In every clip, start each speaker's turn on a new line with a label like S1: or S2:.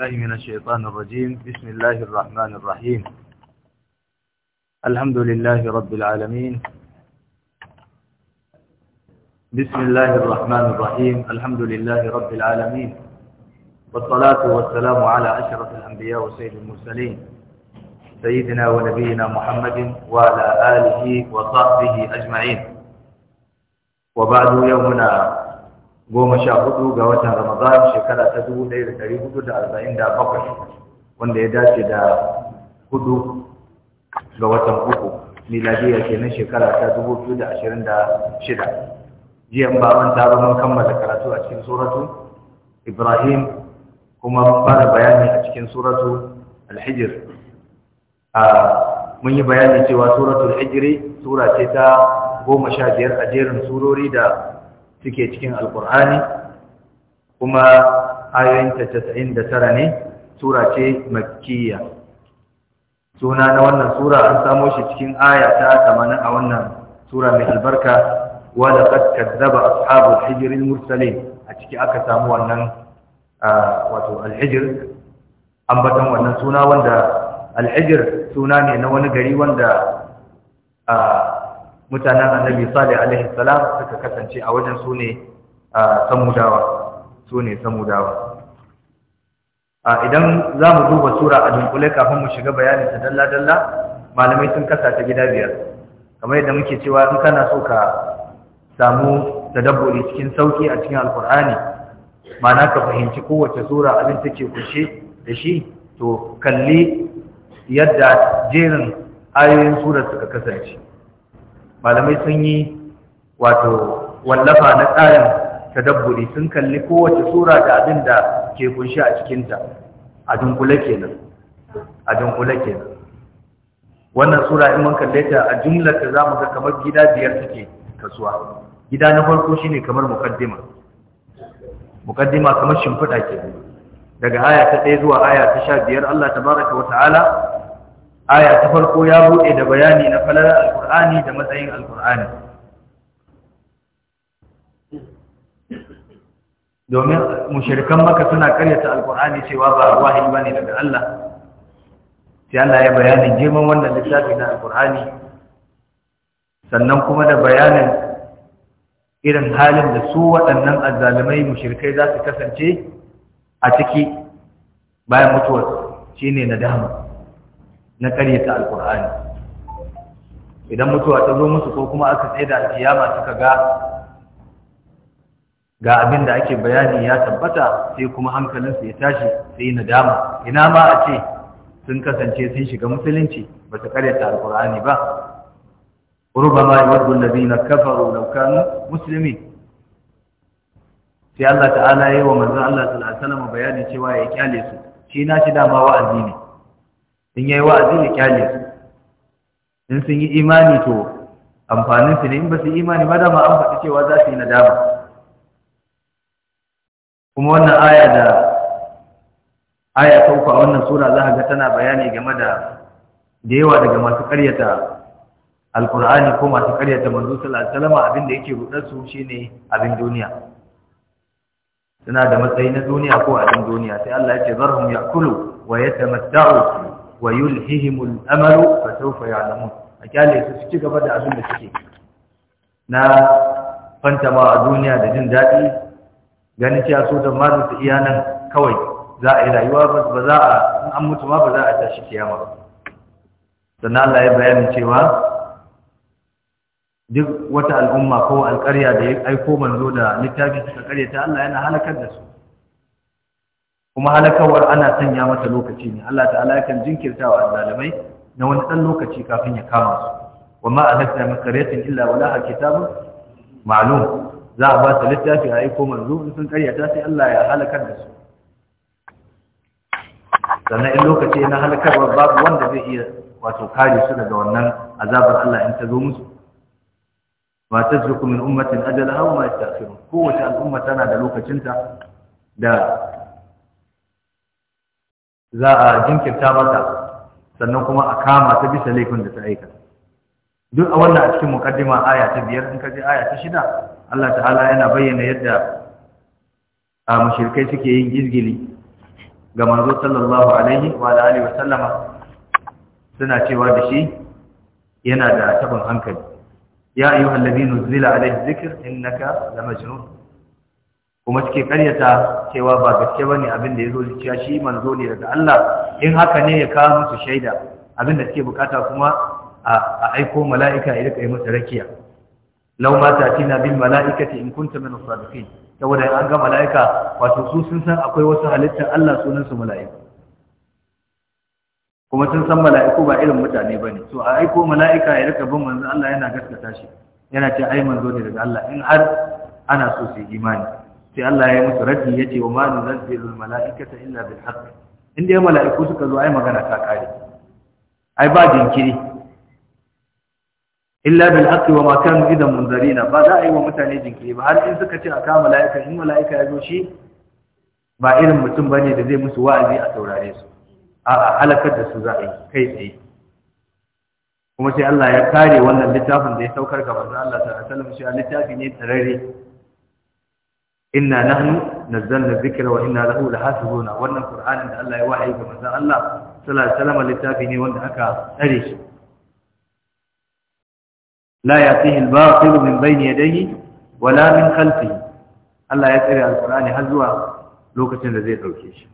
S1: الله من الشيطان الرجيم بسم الله الرحمن الرحيم الحمد لله رب العالمين بسم الله الرحمن الرحيم الحمد لله رب العالمين والصلاة والسلام على أشرف الأنبياء وسيد المرسلين سيدنا ونبينا محمد وعلى آله وصحبه أجمعين وبعد يومنا goma sha hudu ga watan Ramadan shekara ta dubu ɗaya da ɗari hudu da arba'in da bakwai wanda ya dace da hudu ga watan uku miladiya kenan shekara ta dubu biyu da ashirin da shida jiya ba manta taro mun kammala karatu a cikin suratu Ibrahim kuma mun fara bayani a cikin suratu Al-Hijr mun yi bayani cewa suratu al sura ce ta goma sha biyar a jerin surori da suke cikin alkur'ani kuma ayoyinta casa'in da tara ne sura ce makkiya suna na wannan sura an samo shi cikin aya ta tamanin a wannan sura mai albarka wadda kaskar zaba ashabul hijirin mursalin a ciki aka samu wannan wato alhijir ambatan wannan suna wanda alhijir suna ne na wani gari wanda mutanen annabi salih alaihi salam suka kasance a wajen su ne samudawa su ne samudawa a idan za mu duba sura a dunkule kafin mu shiga bayanin ta dalla-dalla malamai sun kasa ta gida biyar kamar yadda muke cewa in kana so ka samu tadabburi cikin sauki a cikin alkur'ani ma'ana ka fahimci kowace sura abin take kunshe da shi to kalli yadda jerin ayoyin surar suka kasance malamai sun yi wato wallafa na tsarin tadabburi sun kalli kowace sura da abin da ke kunshi a cikinta a dunkule kenan a dunkule kenan wannan sura in mun kalle ta a jumlar ta mu ga kamar gida biyar take kasuwa gida na farko shine kamar mukaddima mukaddima kamar shimfiɗa ke daga aya ta 1 zuwa aya ta biyar, Allah tabaraka wa ta'ala aya ta farko ya bude da bayani na falalar alkur'ani da matsayin alkur'ani domin mushirikan maka suna karyata alkur'ani cewa ba wahayi bane daga Allah sai Allah ya bayanin girman wannan littafi na alkur'ani sannan kuma da bayanin irin halin da su waɗannan azzalumai mushrikai za su kasance a ciki bayan mutuwar shine nadama na karyata alkur'ani idan mutuwa ta zo musu ko kuma aka tsaye da alkiyama suka ga ga abin da ake bayani ya tabbata sai kuma hankalinsu ya tashi sai na dama. ina ma a ce sun kasance sun shiga musulunci ba su karyata alkur'ani ba ربما يود labi na لو كانوا musulmi sai Allah ta'ala ya yi wa manzan Allah sallallahu alaihi wasallam bayani cewa ya kyale su shi na shi dama wa'azi ne in yayi wa'azi ya kyale su in sun yi imani to amfanin su ne in ba su yi imani ba dama an faɗi cewa za su yi nadama kuma wannan aya da aya ta uku a wannan sura za ga tana bayani game da da yawa daga masu ƙaryata alkur'ani ko masu ƙaryata manzo sallallahu alaihi wasallam abin da yake rudar su shine abin duniya suna da matsayi na duniya ko abin duniya sai Allah ya ce zarhum ya'kulu wa yatamatta'u wa yulhihimul amalu fa sawfa ya'lamun a kyale su ci gaba da abin da suke na fantama a duniya da jin daɗi ganin cewa su da mazu su iya nan kawai za a yi rayuwa ba za a an mutu ma ba za a tashi kiyama ba sannan Allah ya bayani cewa duk wata al'umma ko alƙarya da ya aiko manzo da littafi suka ta Allah yana halakar da su kuma halakawar ana sanya mata lokaci ne Allah ta'ala yakan jinkirta wa azzalimai na wani dan lokaci kafin ya kama su wa ma alakna min qaryatin illa walaha kitabun ma'lum za a ba su littafi a aiko manzo in sun karyata sai Allah ya halakar da su sannan in lokaci na halakarwa babu wanda zai iya wato kare su daga wannan azabar Allah in ta zo musu ma tazruku min ummatin ajalaha wa ma kowace al'umma tana da lokacinta da za a jinkirta mata sannan kuma a kama ta bisa laifin da ta aika duk a wannan a cikin mukaddima aya ta biyar in ka je aya ta shida Allah ta'ala yana bayyana yadda a mushrikai suke yin gizgili ga manzo sallallahu alaihi wa alihi wa sallama suna cewa da shi yana da tabin hankali ya ayyuhallazina ladina alaihi dhikr innaka lamajnun majnun kuma suke karyata cewa ba gaske bane abin da yazo zuciya shi manzo ne daga Allah in haka ne ya kawo musu shaida abin da suke bukata kuma a aiko mala'ika ya rika yi musu rakiya law ma ta'tina bil mala'ikati in kunta min as-sadiqin saboda an ga mala'ika wato su sun san akwai wasu halittar Allah sunan su mala'ika kuma sun san mala'iku ba irin mutane bane to a aiko mala'ika ya rika bin manzo Allah yana gaskata shi yana ce ai manzo ne daga Allah in har ana so su imani sai Allah ya yi musu ya ce wa ma zirin malaikata illa bil haka, inda ya mala'iku suka zo ai magana ta kare ai ba jinkiri illa bil haqq wa ma idan munzari na ba za a yi wa mutane jinkiri ba har in suka ce ka mala'ika in mala'ika ya zo shi ba irin mutum ba ne da zai musu wa'azi a saurare su a'a halakar da su za a yi kai tsaye kuma sai Allah ya kare wannan littafin da ya saukar ga manzo Allah sallallahu alaihi wasallam shi littafi ne tsararre inna nahnu nazzalna dhikra wa inna lahu lahafizun wannan qur'anin da Allah ya wahayi ga manzon Allah sallallahu alaihi wasallam littafi ne wanda aka tsare shi la yatihi al-batil min bayni yadayhi wala min khalfihi Allah ya tsare al-qur'ani har zuwa lokacin da zai dauke shi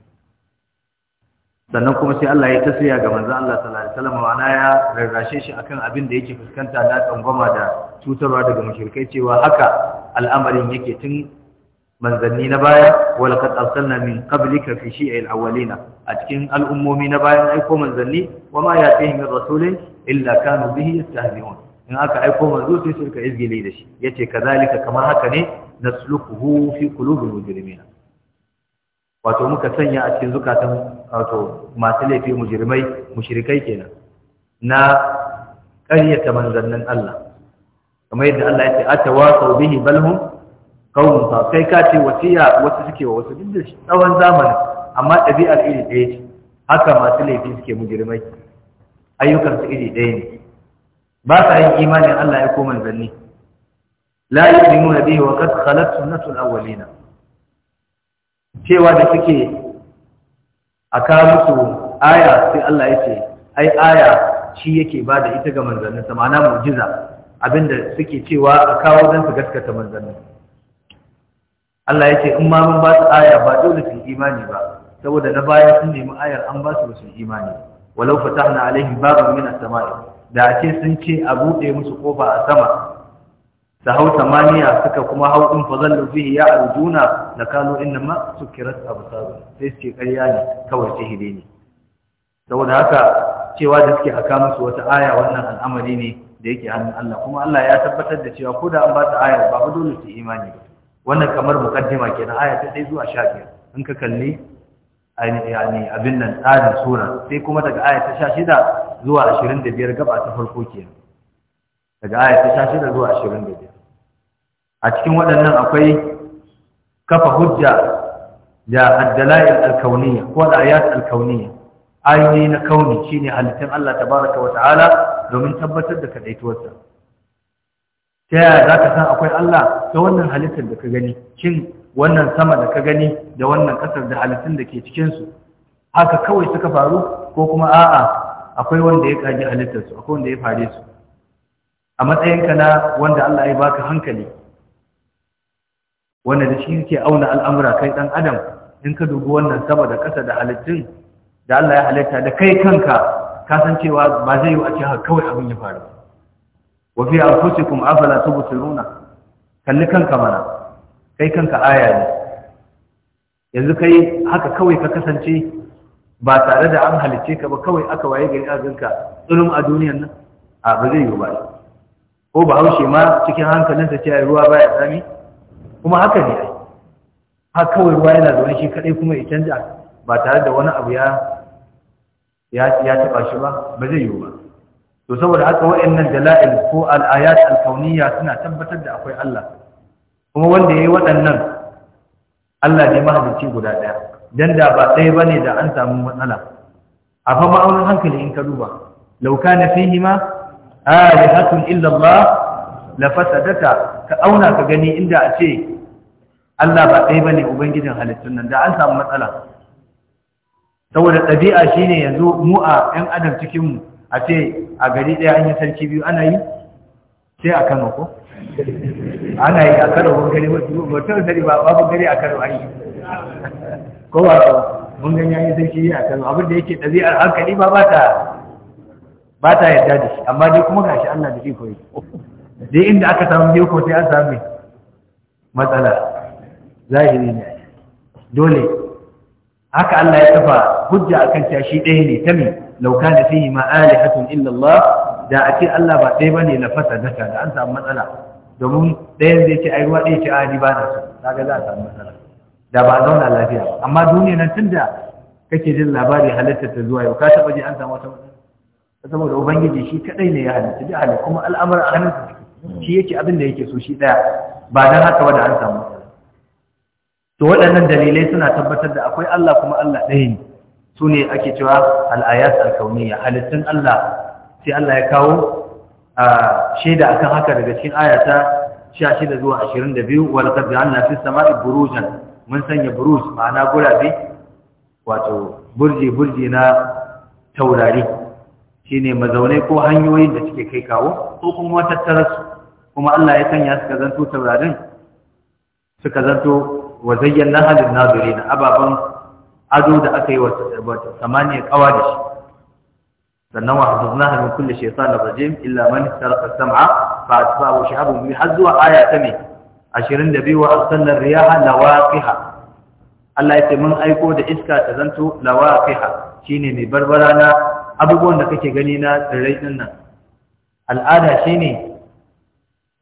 S1: sannan kuma sai Allah ya tasriya ga manzon Allah sallallahu alaihi wasallam ma'ana ya rarrashe shi akan abin da yake fuskanta na tsangwama da cutarwa daga mushrikai cewa haka al'amarin yake tun manzanni na baya wa laqad arsalna min qablika fi shi'il awwalina a cikin al'ummomi na bayan aiko manzanni wa ma ya'tihim min rasulin illa kanu bihi yastahzi'un in aka aiko manzo sai su ka izgile da shi yace kazalika kamar haka ne nasluquhu fi qulubil mujrimina wato muka sanya a cikin zukatan wato masu laifi mujrimai mushrikai kenan na ƙaryata manzannin Allah kamar yadda Allah ya ce atawa bihi balhum kawun sa kai ka ce wasiya wasu suke wa wasu duk da tsawon zamani amma ɗabi'ar iri ɗaya ce haka masu laifi suke mujirmai ayyukansu iri ɗaya ne ba sa yin imanin Allah ya koma zanni la yu'minu bihi wa qad khalat sunnatul awwalina cewa da suke a musu aya sai Allah ya ce ai aya shi yake ba da ita ga manzanni sa ma'ana mu'jiza abinda suke cewa a kawo don su gaskata manzanni Allah ya ce in ma mun ba su aya ba dole su imani ba saboda na baya sun nemi ayar an ba su ba su imani walau fatahna alaihim baban min as-sama'i da ce sun ce a bude musu kofa a sama da hau samaniya suka kuma hau in fazallu fihi ya arjuna la kanu inma sukirat absar sai suke ƙarya ne kawai hide ne saboda haka cewa da suke aka musu wata aya wannan al'amari ne da yake hannun Allah kuma Allah ya tabbatar da cewa ko da an ba ta ayar ba dole su imani ba wannan kamar mukaddima kenan aya ta 1 zuwa 15 in ka kalli yani abin nan tsarin sura sai kuma daga aya ta 16 zuwa 25 gaba ta farko kenan daga aya ta 16 zuwa 25 a cikin waɗannan akwai kafa hujja ya ad-dalail al ko al-ayat al-kawniyya ayoyi na kauni shine halittun Allah tabaraka wa ta'ala domin tabbatar da kadaituwarsa ta yaya za ka san akwai Allah ta wannan halittar da ka gani shin wannan sama da ka gani da wannan ƙasar da halittun da ke cikinsu haka kawai suka faru ko kuma a'a akwai wanda ya kaji halittarsu akwai wanda ya fare su a matsayinka na wanda Allah ya baka hankali wanda da shi ke auna al'amura kai ɗan adam in ka dubi wannan sama da ƙasa da halittun da Allah ya halitta da kai kanka kasancewa ba zai yi a ce kawai abin ya faru ba wa fi anfusikum afala tubsiruna kalli kanka mana kai kanka aya ne yanzu kai haka kawai ka kasance ba tare da an halice ka ba kawai aka waye gari azinka ganka a duniyan nan a ba zai yi ba ko ba haushe ma cikin hankalin ta cewa ruwa baya tsami kuma haka ne har kawai ruwa yana zaune shi kadai kuma ya canja ba tare da wani abu ya ya taba shi ba ba zai yiwu ba to saboda haka wa'annan dala'il ko al-ayat al-kauniyya suna tabbatar da akwai Allah kuma wanda yayi waɗannan Allah ne mahalicci guda ɗaya dan da ba ɗaya bane da an samu matsala a fa ma'aunin hankali in ka duba law kana ma alihatun illa Allah la fasadata ka auna ka gani inda a ce Allah ba ɗaya bane ubangijin halittun nan da an samu matsala saboda ɗabi'a shine yanzu mu a 'yan adam cikin mu a ce a gari ɗaya an yi sarki biyu ana yi sai a kano ko ana yi a kano mun gari mutum sani ba babu gari a kano an yi ko ba mun gani an yi sarki biyu a kano abin da yake ɗabi'ar hankali ba ba ta ba ta yarda da shi amma dai kuma gashi Allah da iko yi dai inda aka samu biyu ko sai an samu matsala zahiri ne dole haka Allah ya kafa hujja akan cewa shi ɗaya ne ta me Lauka kana fihi ma alihatun illa da a ce Allah ba ɗaya bane la fasadaka da an samu matsala domin ɗayan zai ce ai ruwa ɗaya ce a ni ba na so kaga za a samu matsala da ba zauna lafiya ba amma duniya nan tunda kake jin labari halittar ta zuwa yau ka taba ji an samu wata matsala saboda ubangiji shi kadai ne ya halitta da halitta kuma al'amura a hannunsa shi yake abin da yake so shi daya ba dan haka ba da an samu to waɗannan dalilai suna tabbatar da akwai Allah kuma Allah ɗaya ne su ne ake cewa al'ayat al-kauniyya halittun Allah sai Allah ya kawo shaida akan haka daga cikin ayata 16 zuwa 22 wa laqad ja'alna fis sama'i burujan mun sanya buruj ma'ana gurabe wato burji burji na taurari Shi ne mazaunai ko hanyoyin da suke kai kawo ko kuma su. kuma Allah ya sanya suka zanto taurarin suka zanto wa na halin na ababen ado da aka yi wa samaniya kawa da shi sannan wa hafiznaha kulle kulli na rajim illa man istaraqa sam'a fa Abu mai har zuwa aya ta da biyu wa arsalna riyaha lawaqiha Allah ya ce mun aiko da iska ta zanto lawaqiha shine mai barbara na abubuwan da kake gani na tsirrai din nan al'ada shine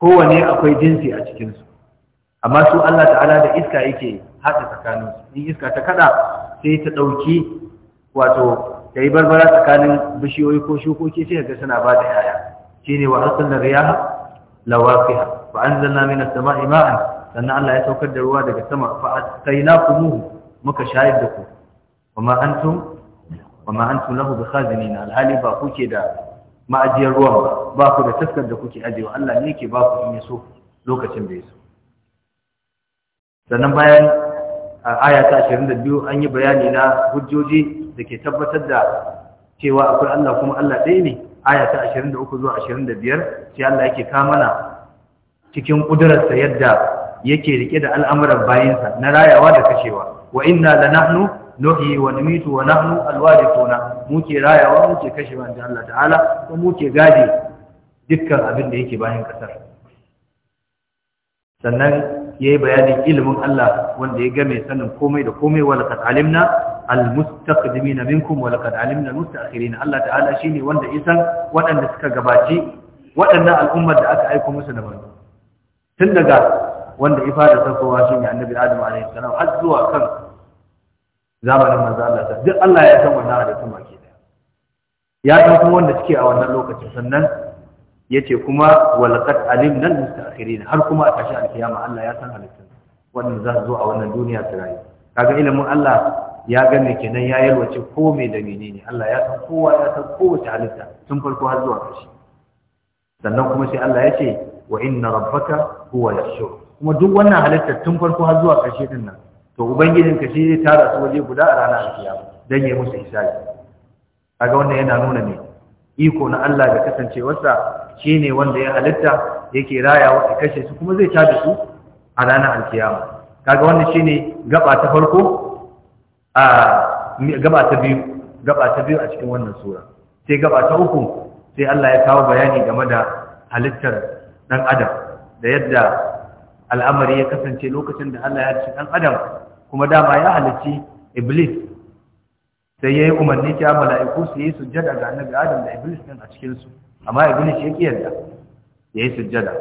S1: kowane akwai jinsi a cikinsu. amma su Allah ta'ala da iska yake hada tsakaninsu in iska ta kaɗa? sai ta ɗauki wato ta yi barbara tsakanin bishiyoyi ko shukoki sai ga suna ba da yaya shi ne wa hasan da riya lawaqiha fa zanna min as-sama'i sannan Allah ya saukar da ruwa daga sama fa muhu muka shayar da ku wama antum wama antum lahu na. alhali ba kuke da ma'ajiyar ruwa ba ba ku da taskar da kuke ajiyewa Allah ne yake ba ku in lokacin da ya so sannan bayan a aya ta 22 an yi bayani na hujjoji da ke tabbatar da cewa akwai Allah kuma Allah ɗaya ne aya ta 23 zuwa 25 sai Allah yake mana cikin ƙudurarsa yadda yake rike da al'amuran bayinsa na rayawa da kashewa wa inna la nahnu nuhyi wa numitu wa nahnu alwarithuna muke rayawa muke kashewa da Allah ta'ala kuma muke gadi dukkan abin da yake bayan kasar sannan yayi bayanin ilimin Allah wanda ya game sanin komai da komai wala kad alimna almustaqdimina minkum wala kad alimna almustaakhirin Allah ta'ala shi ne wanda isan waɗanda suka gabaci waɗannan al'ummar da aka aiko musu da manzo tun daga wanda ifada sarkowa shine annabi Adam alaihi salam har zuwa kan zamanin maza Allah ta, duk Allah ya san wannan da kuma ke da ya san kuma wanda suke a wannan lokacin sannan yace kuma walaqad alimna al-mustaakhirin har kuma a tashi alkiyama Allah ya san halittun wannan za zo a wannan duniya su rayu kaga ilimin Allah ya gane kenan ya yalwace ko me da menene Allah ya san kowa ya san kowace halitta tun farko har zuwa ƙarshe sannan kuma sai Allah ya ce wa inna rabbaka huwa yashur kuma duk wannan halitta tun farko har zuwa ƙarshe din nan to ubangijin ka shi zai tara su waje guda a ranar alkiyama dan yayi musu hisabi kaga wannan yana nuna ne iko na Allah da kasancewarsa Shi ne wanda ya halitta yake rayawa ya kashe su kuma zai da su a ranar alkiyama kaga wannan ne gaba ta farko a gaba ta biyu gaba ta biyu a cikin wannan sura sai gaba ta uku sai Allah ya kawo bayani game da halittar ɗan adam da yadda al'amari ya kasance lokacin da Allah ya ci ɗan adam kuma dama ya halicci iblis sai ya yi umarni ta mala'iku su yi sujjada ga annabi adam da iblis din a cikinsu. amma ibnu shi yake yarda yayi sujjada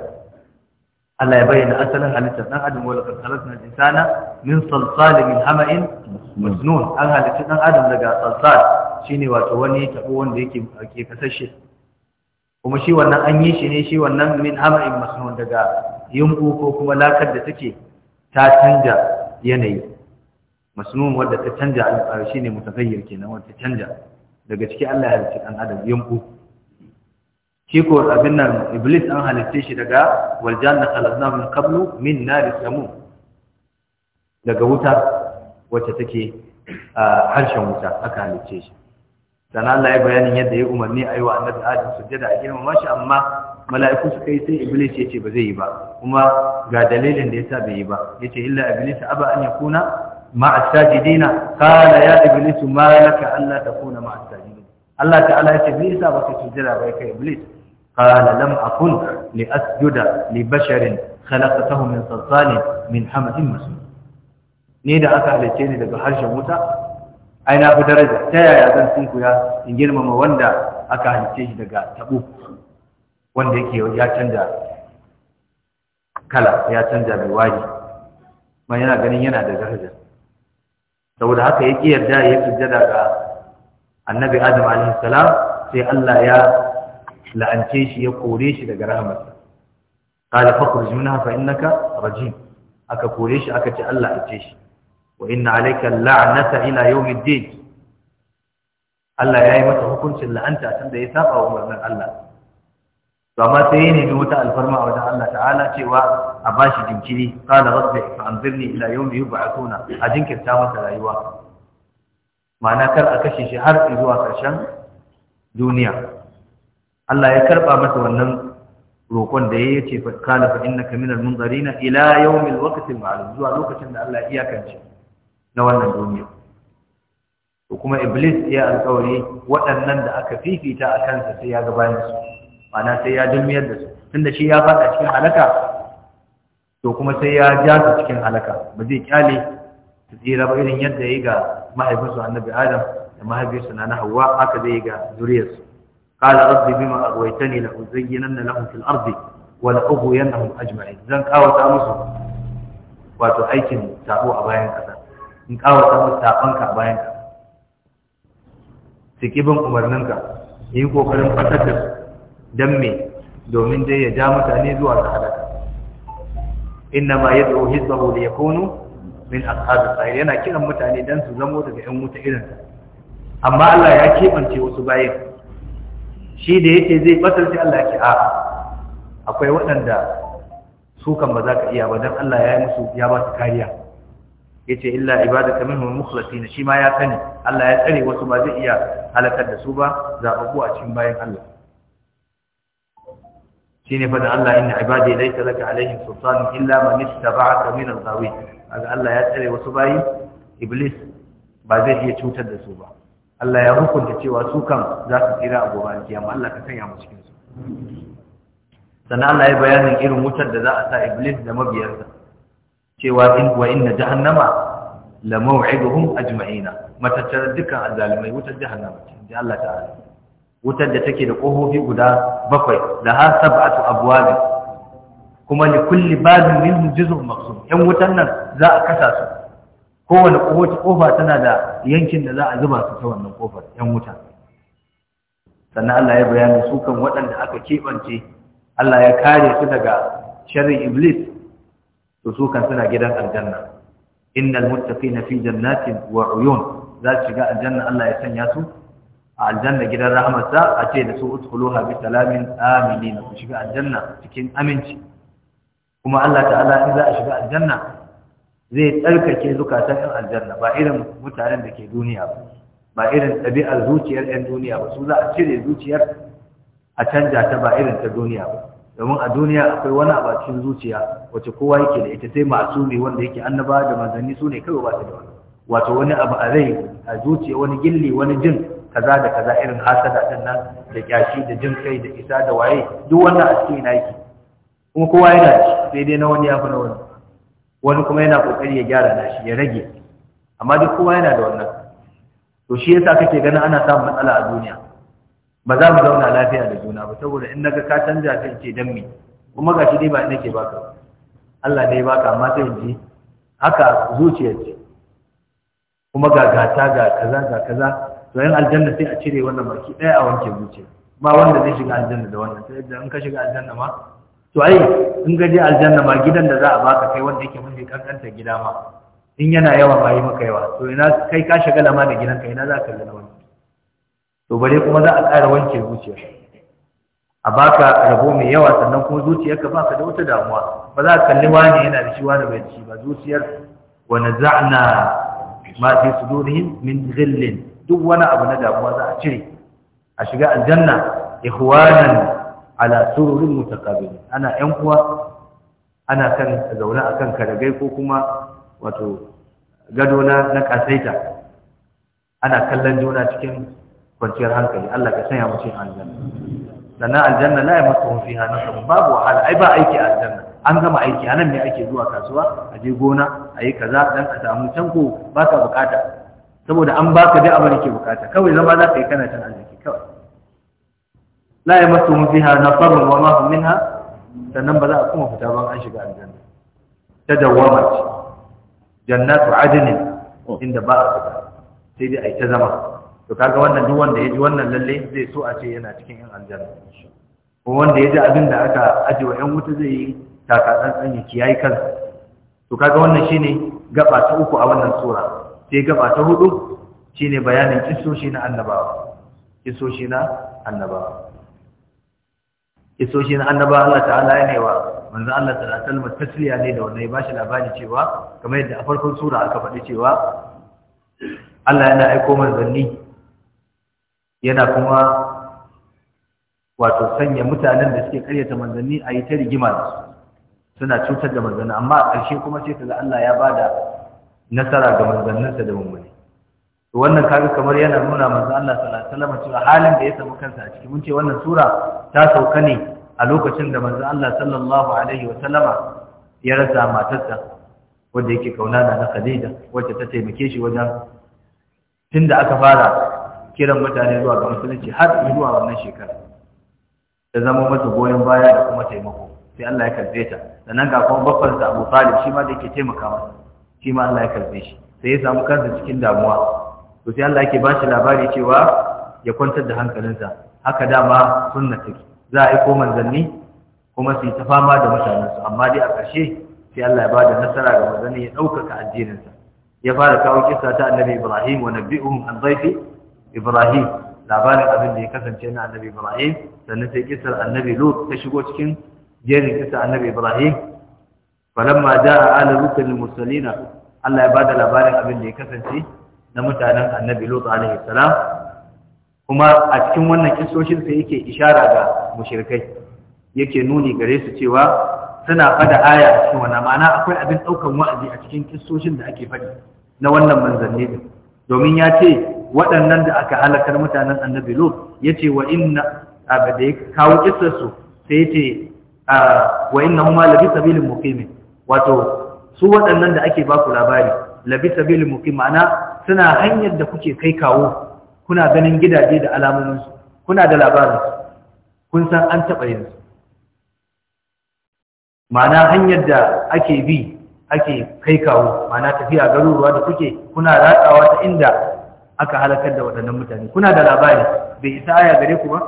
S1: Allah ya bayyana asalin halittar dan adam wal khalaqna insana min salsal min hama'in masnun an halitta dan adam daga salsal shine wato wani tabo wanda yake ake kasashe kuma shi wannan an yi shi ne shi wannan min hama'in masnun daga yumbu ko kuma lakar da take ta canja yanayi masnun wanda ta canja shine mutaghayyir kenan wanda ta canja daga ciki Allah ya halitta dan adam yumbu Kiko ko abin nan iblis an halitta shi daga waljanna khalaqnahu min qablu min nari samum daga wuta wacce take harshen wuta aka halitta shi sannan Allah ya bayanin yadda ya umarni a yi wa annabi Adam sujjada a girmama shi amma mala'iku suka yi sai Iblis ya ce ba zai yi ba kuma ga dalilin da yasa bai yi ba yace illa Iblis aba an yakuna ma'a sajidina qala ya Iblis ma laka alla takuna ma'a sajidin Allah ta'ala ya ce sa ba baka sujjada ba kai Iblis قال لم أكن لأسجد لبشر خلقته من صلصال من حمأ مسنون ni da aka halice ni daga harshen wuta ai na fi daraja ta yaya zan sunkuya in girmama wanda aka halice daga tabo wanda yake ya canja kala ya canza mai wari man yana ganin yana da daraja saboda haka ya ki yarda ya sujjada ga annabi adam alaihi salam sai Allah ya la'ance shi ya kore shi daga rahamarsa qala fakhruj minha fa innaka rajim aka kore shi aka ce Allah ace shi wa inna alayka la'nata ila yawmiddin Allah ya yi hukuncin la'anta tun da ya saba wa umarnin Allah amma sai ne da wata alfarma a wajen Allah ta'ala cewa a bashi jinkiri qala rabbi fa'anzirni ila yawmi yub'athuna a jinkirta masa rayuwa ma'ana kar a kashe shi har zuwa karshen duniya Allah ya karba masa wannan roƙon da ya ce kana fa innaka minal munzarina ila yawmil waqtil ma'lum zuwa lokacin da Allah ya iyakance na wannan duniya to kuma iblis ya alƙawari waɗannan da aka fifita a kansa sai ya gabayin su ma'ana sai ya dulmiyar da su tunda shi ya faɗa cikin halaka to kuma sai ya ja su cikin halaka ba zai kyale su tsira ba irin yadda ya yi ga mahaifinsu annabi adam da mahaifinsu na na hawa haka zai yi ga zuriyarsu قال رب بما أغويتني لأزينن لهم في الأرض ولأغوينهم أجمعين زن قاوة أمسو وتحيكن تأو أباين كذا إن قاوة أمس تأقنك أباين كذا سكيبن أمرننك ينكو قرن فتتر دمي دومين دي يجامة أنيزو على حدث إنما يدعو حزبه ليكونوا من أصحاب الخير أنا كلا متعني دنسو زمو دقائم متعلن
S2: أما الله يكيب أنت
S1: وسبايك shi da yake zai batar sai Allah yake a'a akwai waɗanda su kan ba za ka iya ba dan Allah ya yi musu ya ba su kariya yace illa ibadaka minhum mukhlasin shi ma ya sani Allah ya tsare wasu ba zai iya halakar da su ba zababu a cikin bayan Allah shine fa da Allah inna ibadi laysa laka alaihim sultan illa man ittaba'aka min al-ghawi kaga Allah ya tsare wasu bayi iblis ba zai iya cutar da su ba Allah ya hukunta cewa su kan za su tsira a gobe kiyama Allah ka sanya mu cikin su sannan Allah ya bayanin irin wutar da za a sa iblis da mabiyarsa cewa in wa inna jahannama la maw'iduhum ajma'ina matattar dukkan azalimai wutar jahannama ce Allah ta'ala wutar da take da kofofi guda bakwai da ha sab'atu abwab kuma li kulli babin minhum juz'un maqsum yan wutan nan za a kasa su kowane kofa tana da yankin da za a zuba su ta wannan kofar yan wuta sannan Allah ya bayani su kan waɗanda aka keɓance Allah ya kare su daga sharrin iblis to su kan suna gidan aljanna innal muttaqina fi jannatin wa uyun za su shiga aljanna Allah ya sanya su a aljanna gidan rahmatsa a ce da su udkhuluha bi salamin aminin ku shiga aljanna cikin aminci kuma Allah ta'ala in za a shiga aljanna zai tsarkake zukatan yan aljanna ba irin mutanen da ke duniya ba ba irin ɗabi'ar zuciyar yan duniya ba su za a cire zuciyar a canja ta ba irin ta duniya ba domin a duniya akwai wani abacin zuciya wacce kowa yake da ita sai masu ne wanda yake annaba da manzanni su ne kawai ba su da wani wato wani abu a rai a zuciya wani gilli wani jin kaza da kaza irin hasada ɗin nan da kyashi da jin kai da isa da waye duk wannan a cikin yake kuma kowa yana sai dai na wani ya fi na wani wani kuma yana kokari ya gyara nashi ya rage amma duk kowa yana da wannan to shi yasa kake ganin ana samun matsala a duniya
S2: ba za mu zauna lafiya da
S1: juna ba saboda in naga ka canja ka ce dan me kuma gashi dai ba ina ke baka Allah ne baka amma sai ji haka zuciyar ce kuma ga gata ga kaza ga kaza to yan aljanna sai a cire wannan baki daya a wanke zuciya ba wanda zai shiga aljanna da wannan sai da in ka shiga aljanna ma to ai in gaje aljanna ma gidan da za a baka kai wanda yake mun kankanta gida ma in yana yawa ba yi maka yawa to ina kai ka shiga ma da gidan ka ina za ka kalli wani to bare kuma za a ƙara wanke zuciya a baka rabo mai yawa sannan kuma zuciyarka baka da wata damuwa ba za ka kalli wani yana da shi wani bai da ba zuciyar wa naza'na ma fi sudurihim min ghillin duk wani abu na damuwa za a cire a shiga aljanna ihwanan ala sururin mutakabili ana yan kuwa ana kan zaune akan karagai ko kuma wato gado na na kasaita ana kallon juna cikin kwanciyar hankali Allah ka sanya mu cikin aljanna sannan aljanna la yamassuhum fiha sabu babu wahala ai ba aiki a aljanna an gama aiki anan ne ake zuwa kasuwa a je gona a yi kaza dan a samu tanko ba ka bukata saboda an baka dai abin da ke bukata kawai zama za ka yi kana cin aljanna la yamassuhum fiha farin wa ma min minha sannan ba za a kuma fita ban an shiga aljanna ta dawama ce jannatu adnin inda ba a fita sai dai a yi ta zama to kaga wannan duk wanda ya ji wannan lalle zai so a ce yana cikin yan aljanna ko wanda ya ji abin da aka wa yan wuta zai yi tsantsan ya kiyaye kansa to kaga wannan shine gaba ta uku a wannan sura sai gaba ta hudu shine bayanin kisoshi na annabawa Kisoshi na annabawa shi na annaba Allah ta'ala ya newa wanzu Allah ta'ala kalmar tasiriya ne da wannan ba shi labari cewa kamar yadda a farkon sura aka faɗi cewa Allah yana aiko manzanni yana kuma wato sanya mutanen da suke karyata manzanni a yi ta rigima da su suna cutar da manzanni amma a ƙarshe kuma sai ta Allah ya bada nasara ga manzanninsa da mummuni to wannan kaga kamar yana nuna manzo Allah sallallahu alaihi wasallam cewa halin da ya samu kansa a ciki mun ce wannan sura ta sauka ne a lokacin da manzo Allah sallallahu alaihi wasallama ya rasa matarsa wanda yake kauna da na Khadija wacce ta taimake shi wajen tunda aka fara kiran mutane zuwa ga musulunci har zuwa wannan shekara ta zama mata goyon baya da kuma taimako sai Allah ya karbe ta sannan ga kuma babban sa Abu Talib shi ma da yake taimaka masa shi ma Allah ya karbe shi sai ya samu kansa cikin damuwa to sai Allah yake ba shi labari cewa ya kwantar da hankalinsa haka dama sunna take za a aiko manzanni kuma su yi ta fama da mutanensu amma dai a ƙarshe sai Allah ya ba da nasara ga manzanni ya ɗaukaka addininsa ya fara kawo kisa ta annabi Ibrahim wa nabbi'uhum an dhaifi Ibrahim labarin abin da ya kasance na annabi Ibrahim sannan sai kisar annabi Lut ta shigo cikin jerin kisa annabi Ibrahim falamma jaa ala lutil Allah ya ba da labarin abin da ya kasance na mutanen annabi lutu alaihi salam kuma a cikin wannan kisoshin sai yake ishara ga mushrikai yake nuni gare su cewa suna fada aya a cikin wannan ma'ana akwai abin daukan wa'azi a cikin kisoshin da ake faɗi na wannan manzanni din domin ya ce waɗannan da aka halakar mutanen annabi lutu ya ce wa inna da ya kawo kisarsu sai ya ce wa inna huma labi sabilin muqimin wato su waɗannan da ake baku labari labi sabilin muqim ma'ana suna hanyar da kuke kai kawo kuna ganin gidaje da alamominsu kuna da labarinsu kun san an taɓa yanzu ma'ana hanyar da ake bi ake kai kawo ma'ana tafiya garuruwa da kuke kuna ratsawa ta inda aka halakar da waɗannan mutane kuna da labari bai isa aya gare ku ba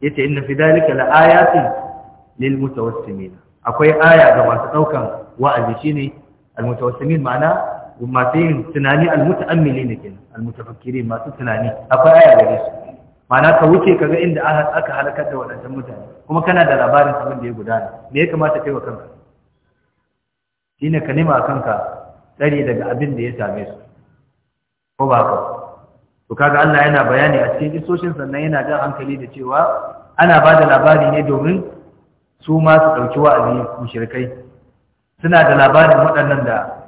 S1: yace inna fi dalika la ayatin lil mutawassimin akwai aya ga masu ɗaukan wa'azi shine al mutawassimin ma'ana masu yin tunani almutaammili ne kenan almutafakkiri masu tunani akwai aya gare su Mana ka wuce ka ga inda aka halakar da waɗancan mutane kuma kana da labarin abin da ya gudana me ya kamata kai wa kanka shine ka nema kanka tsari daga abin da ya same su ko ba ka to kaga Allah yana bayani a cikin isoshin sannan yana jan hankali da cewa ana ba da labari ne domin su ma su ɗauki wa'azi mushrikai suna da labarin waɗannan da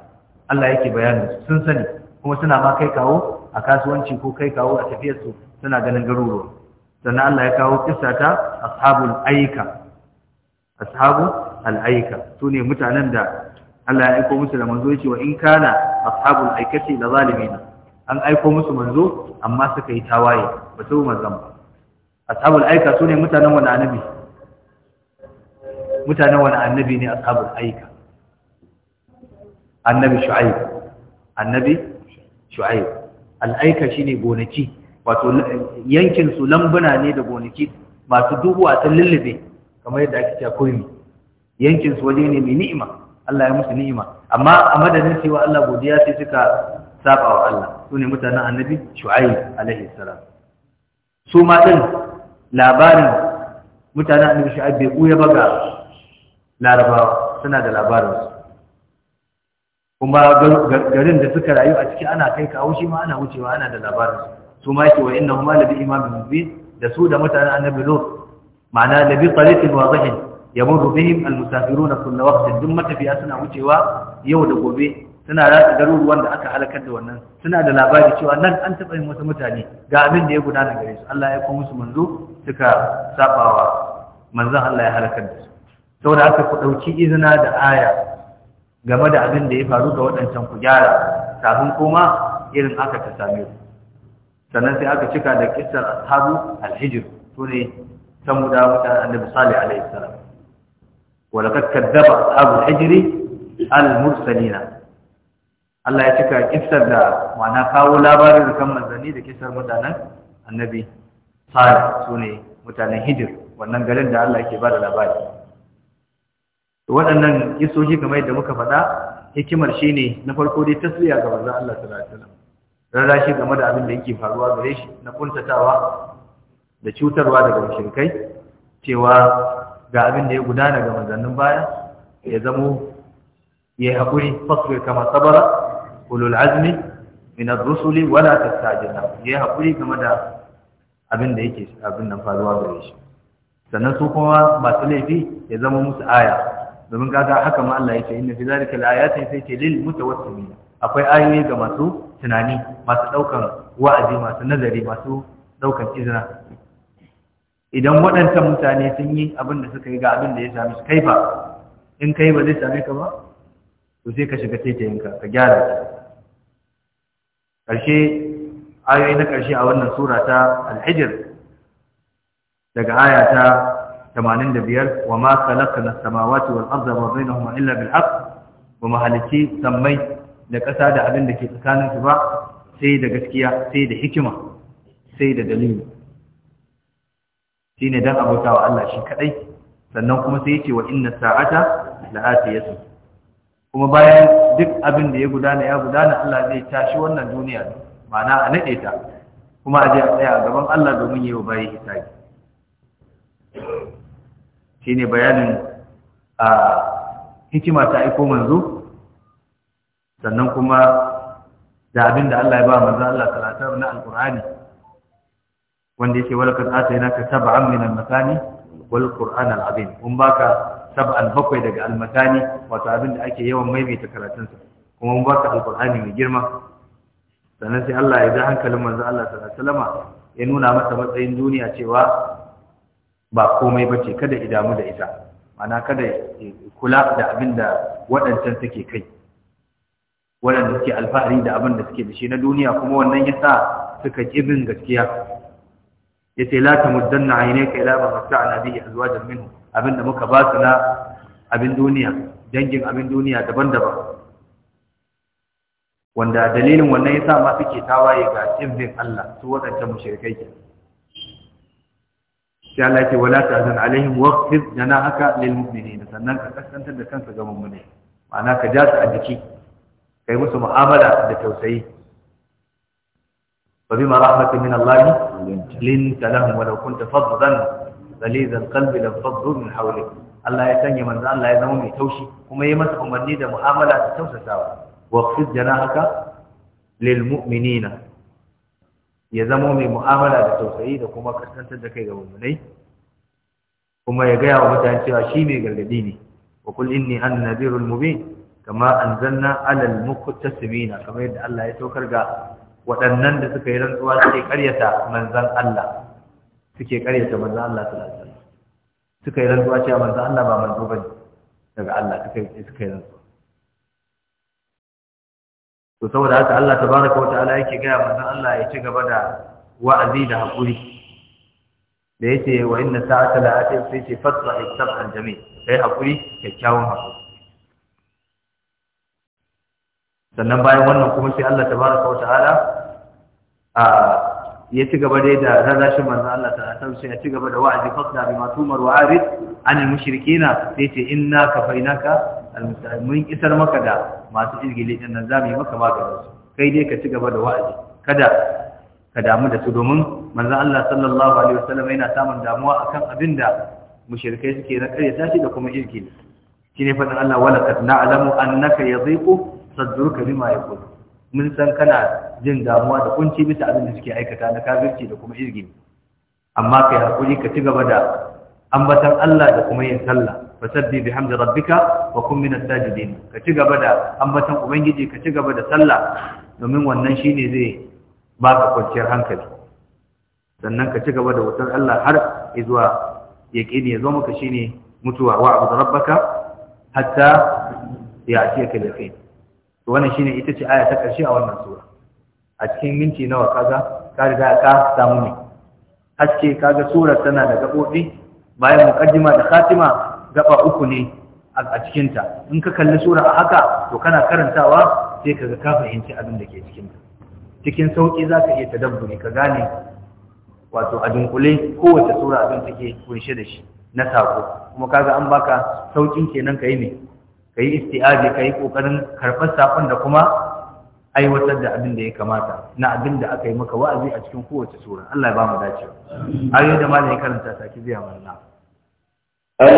S1: Allah yake bayanin sun sani kuma suna ma kai kawo a kasuwanci ko kai kawo a tafiyar su suna ganin garuruwa sannan Allah ya kawo kissa ta ashabul aika ashabu al-aika sune mutanen da Allah ya aika musu da manzo yace wa in kana ashabul aikati la zalimin an aika musu manzo amma suka yi tawaye ba su manzon ba ashabul aika sune mutanen wani annabi mutanen wani annabi ne ashabul aika annabi shu'aib annabi shu'aib al'aika shine gonaki wato yankin su lambuna ne da gonaki masu duhu a lullube kamar yadda ake cewa kurmi yankin su waje ne mai ni'ima Allah ya musu ni'ima amma a madadin cewa Allah godiya sai suka saba wa Allah sune mutanen annabi shu'aib alaihi salam su ma din labarin mutanen annabi shu'aib bai buya ba ga larabawa suna da labarinsu kuma garin da suka rayu a ciki ana kai kawo shi ma ana wucewa ana da labarin su ma ke wa inna huma labi imamin mubin da su da mutanen annabi lut ma'ana labi tariqin wadihin yamurru bihim almusafiruna kullu waqtin duk matafiya suna wucewa yau da gobe suna ratsa garuruwan da aka halakar da wannan suna da labari cewa nan an taɓa yin wasu mutane ga abin da ya gudana gare su Allah ya kuma musu manzo suka sabawa manzon Allah ya halakar da su saboda aka ku ɗauki izina da aya game da abin da ya faru ga waɗancan ku gyara tafin koma irin aka ta same ku sannan sai aka cika da kissar ashabu alhijr su ne muda wata annabi salih alaihi salam wa laqad kadzaba ashabu alhijr almursalina Allah ya cika kisar da ma'ana kawo labarin kan manzanni da kisar mutanen annabi salih sune mutanen hijr wannan garin da Allah yake ba da labari to waɗannan kisoshi kamar yadda muka faɗa hikimar shi ne na farko dai tasliya ga manzon Allah sallallahu alaihi rarra shi game da abin da yake faruwa gare shi na kuntatawa da cutarwa daga mushrikai cewa ga abin da ya gudana ga manzannin baya ya zamo ya haƙuri fasbir kama sabara ulul azmi min ar-rusuli wala tastajina ya haƙuri game da abin da yake abin nan faruwa gare shi sannan su kuma masu laifi ya zama musu aya domin kaga haka ma Allah yake inna fi zalika laayatin sai ke lil mutawassimin akwai ayoyi ga masu tunani masu daukan wa'azi masu nazari masu daukan izina idan waɗancan mutane sun yi abin da suka yi ga abin da ya sami su kai ba in kai ba zai same ka ba to sai ka shiga taitayinka ka gyara Karshe, ayoyi na karshe a wannan sura ta alhijir
S2: daga aya ta
S1: 85 wa ma khalaqna samawati wal arda wa bainahuma illa bil haqq da ƙasa da abin da ke tsakanin su ba sai da gaskiya sai da hikima sai da dalili shine dan abautawa Allah shi kadai sannan kuma sai yace wa inna sa'ata la'atiyatu kuma bayan duk abin da ya gudana ya gudana Allah zai tashi wannan duniya ma'ana a nade ta kuma a je a tsaya a gaban Allah domin yi wa bayi hisabi ne bayanin a hikima ta aiko manzo sannan kuma da abin da Allah ya ba manzo Allah talatar na alqur'ani
S2: wanda yake wala kad atayna ka sab'an min al-makani wal qur'an al-azim kun baka sab'an bakwai daga al-makani wato abin da ake yawan maimaita karatun
S1: sa kuma mun baka al-qur'ani mai girma sannan sai Allah ya ja hankalin manzo Allah sallallahu alaihi wasallama ya nuna masa matsayin duniya cewa ba komai ba ce kada idamu da ita mana kada kula da abin da waɗancan suke kai waɗanda suke alfahari da abin da suke da shi na duniya kuma wannan ya sa suka ƙibin gaskiya ya ce la ta na aine ka ila ba masu ana bihi azwajan minu abin da muka ba su na abin duniya dangin abin duniya daban-daban wanda dalilin wannan ya sa ma suke tawaye ga ƙibin Allah su waɗancan mushrikai kenan sai Allah ya ce wala ta'zan alaihim waqfid janahaka lil mu'minin sannan ka kasantar da kansa ga mu'mini ma'ana ka ja su a jiki kai musu mu'amala da tausayi wa bima rahmatin min Allah linta lahum wa law kunta faddan ghalizal qalbi lam faddu min hawlik Allah ya sanya manzo Allah ya zama mai taushi kuma yi masa umarni da mu'amala ta tausasawa waqfid janahaka lil mu'minina ya zama mai mu'amala da tausayi da kuma kasantar da kai ga wani kuma ya gaya wa mutane cewa shi mai gargadi ne wa kul inni an nadirul mubin kama anzalna alal muqtasimina kamar yadda Allah ya saukar ga waɗannan da suka yi rantsuwa suke karyata manzan Allah suke karyata manzan Allah sallallahu alaihi wasallam suka yi rantsuwa cewa manzan Allah ba manzo bane daga Allah suka yi suka yi rantsuwa to saboda haka Allah tabaraka wata'ala yake ga manzon Allah ya ci gaba da wa'azi da hakuri da yace wa inna sa'ata la'atin sai fi fatra al jami' sai hakuri kyakkyawan hakuri sannan bayan wannan kuma sai Allah tabaraka wata'ala a ya ci gaba dai da rarrashin manzon Allah ta san sai ya ci gaba da wa'azi fatra bi matumar wa'arid al mushrikeena sai ce inna kafainaka mun isar maka da masu ilgili ɗin nan mu yi maka maganin kai dai ka ci gaba da wa'azi kada ka damu da su domin manzo Allah sallallahu alaihi wasallam yana samun damuwa akan da mushirkai suke na ta tashi da kuma shi ne faɗin Allah wala ya na'lamu annaka yadhiqu sadruka bima yaqul mun san kana jin damuwa da kunci bisa abin da suke aikata na kafirci da kuma ilgili amma kai hakuri ka ci gaba da ambatan Allah da kuma yin sallah fasabbi bihamdi rabbika wa kun minas sajidin ka ci gaba da ambatan ubangiji ka ci gaba da sallah domin wannan shine zai baka kwanciyar hankali sannan ka ci gaba da wutar Allah har zuwa yaqini ya zo maka shine mutuwa wa abu rabbaka hatta ya'tiyaka al-yaqin to wannan shine ita ce aya ta karshe a wannan sura a cikin minti nawa kaga ka riga ka samu ne haske kaga surar tana da gabobi bayan muqaddima da khatima gaba uku ne a cikinta in ka kalli sura a haka to kana karantawa sai ka ga ka fahimci abin da ke cikinta cikin sauƙi za ka iya tadabburi ka gane wato a dunkule kowace sura abin take kunshe da shi na sako kuma ga an baka saukin kenan ka yi ne ka yi istiazi yi kokarin karɓar sakon da kuma aiwatar da abin da ya kamata na abin da aka yi maka wa'azi a cikin kowace sura Allah ya ba mu dace ayoyi da ya karanta saki biya mana تلك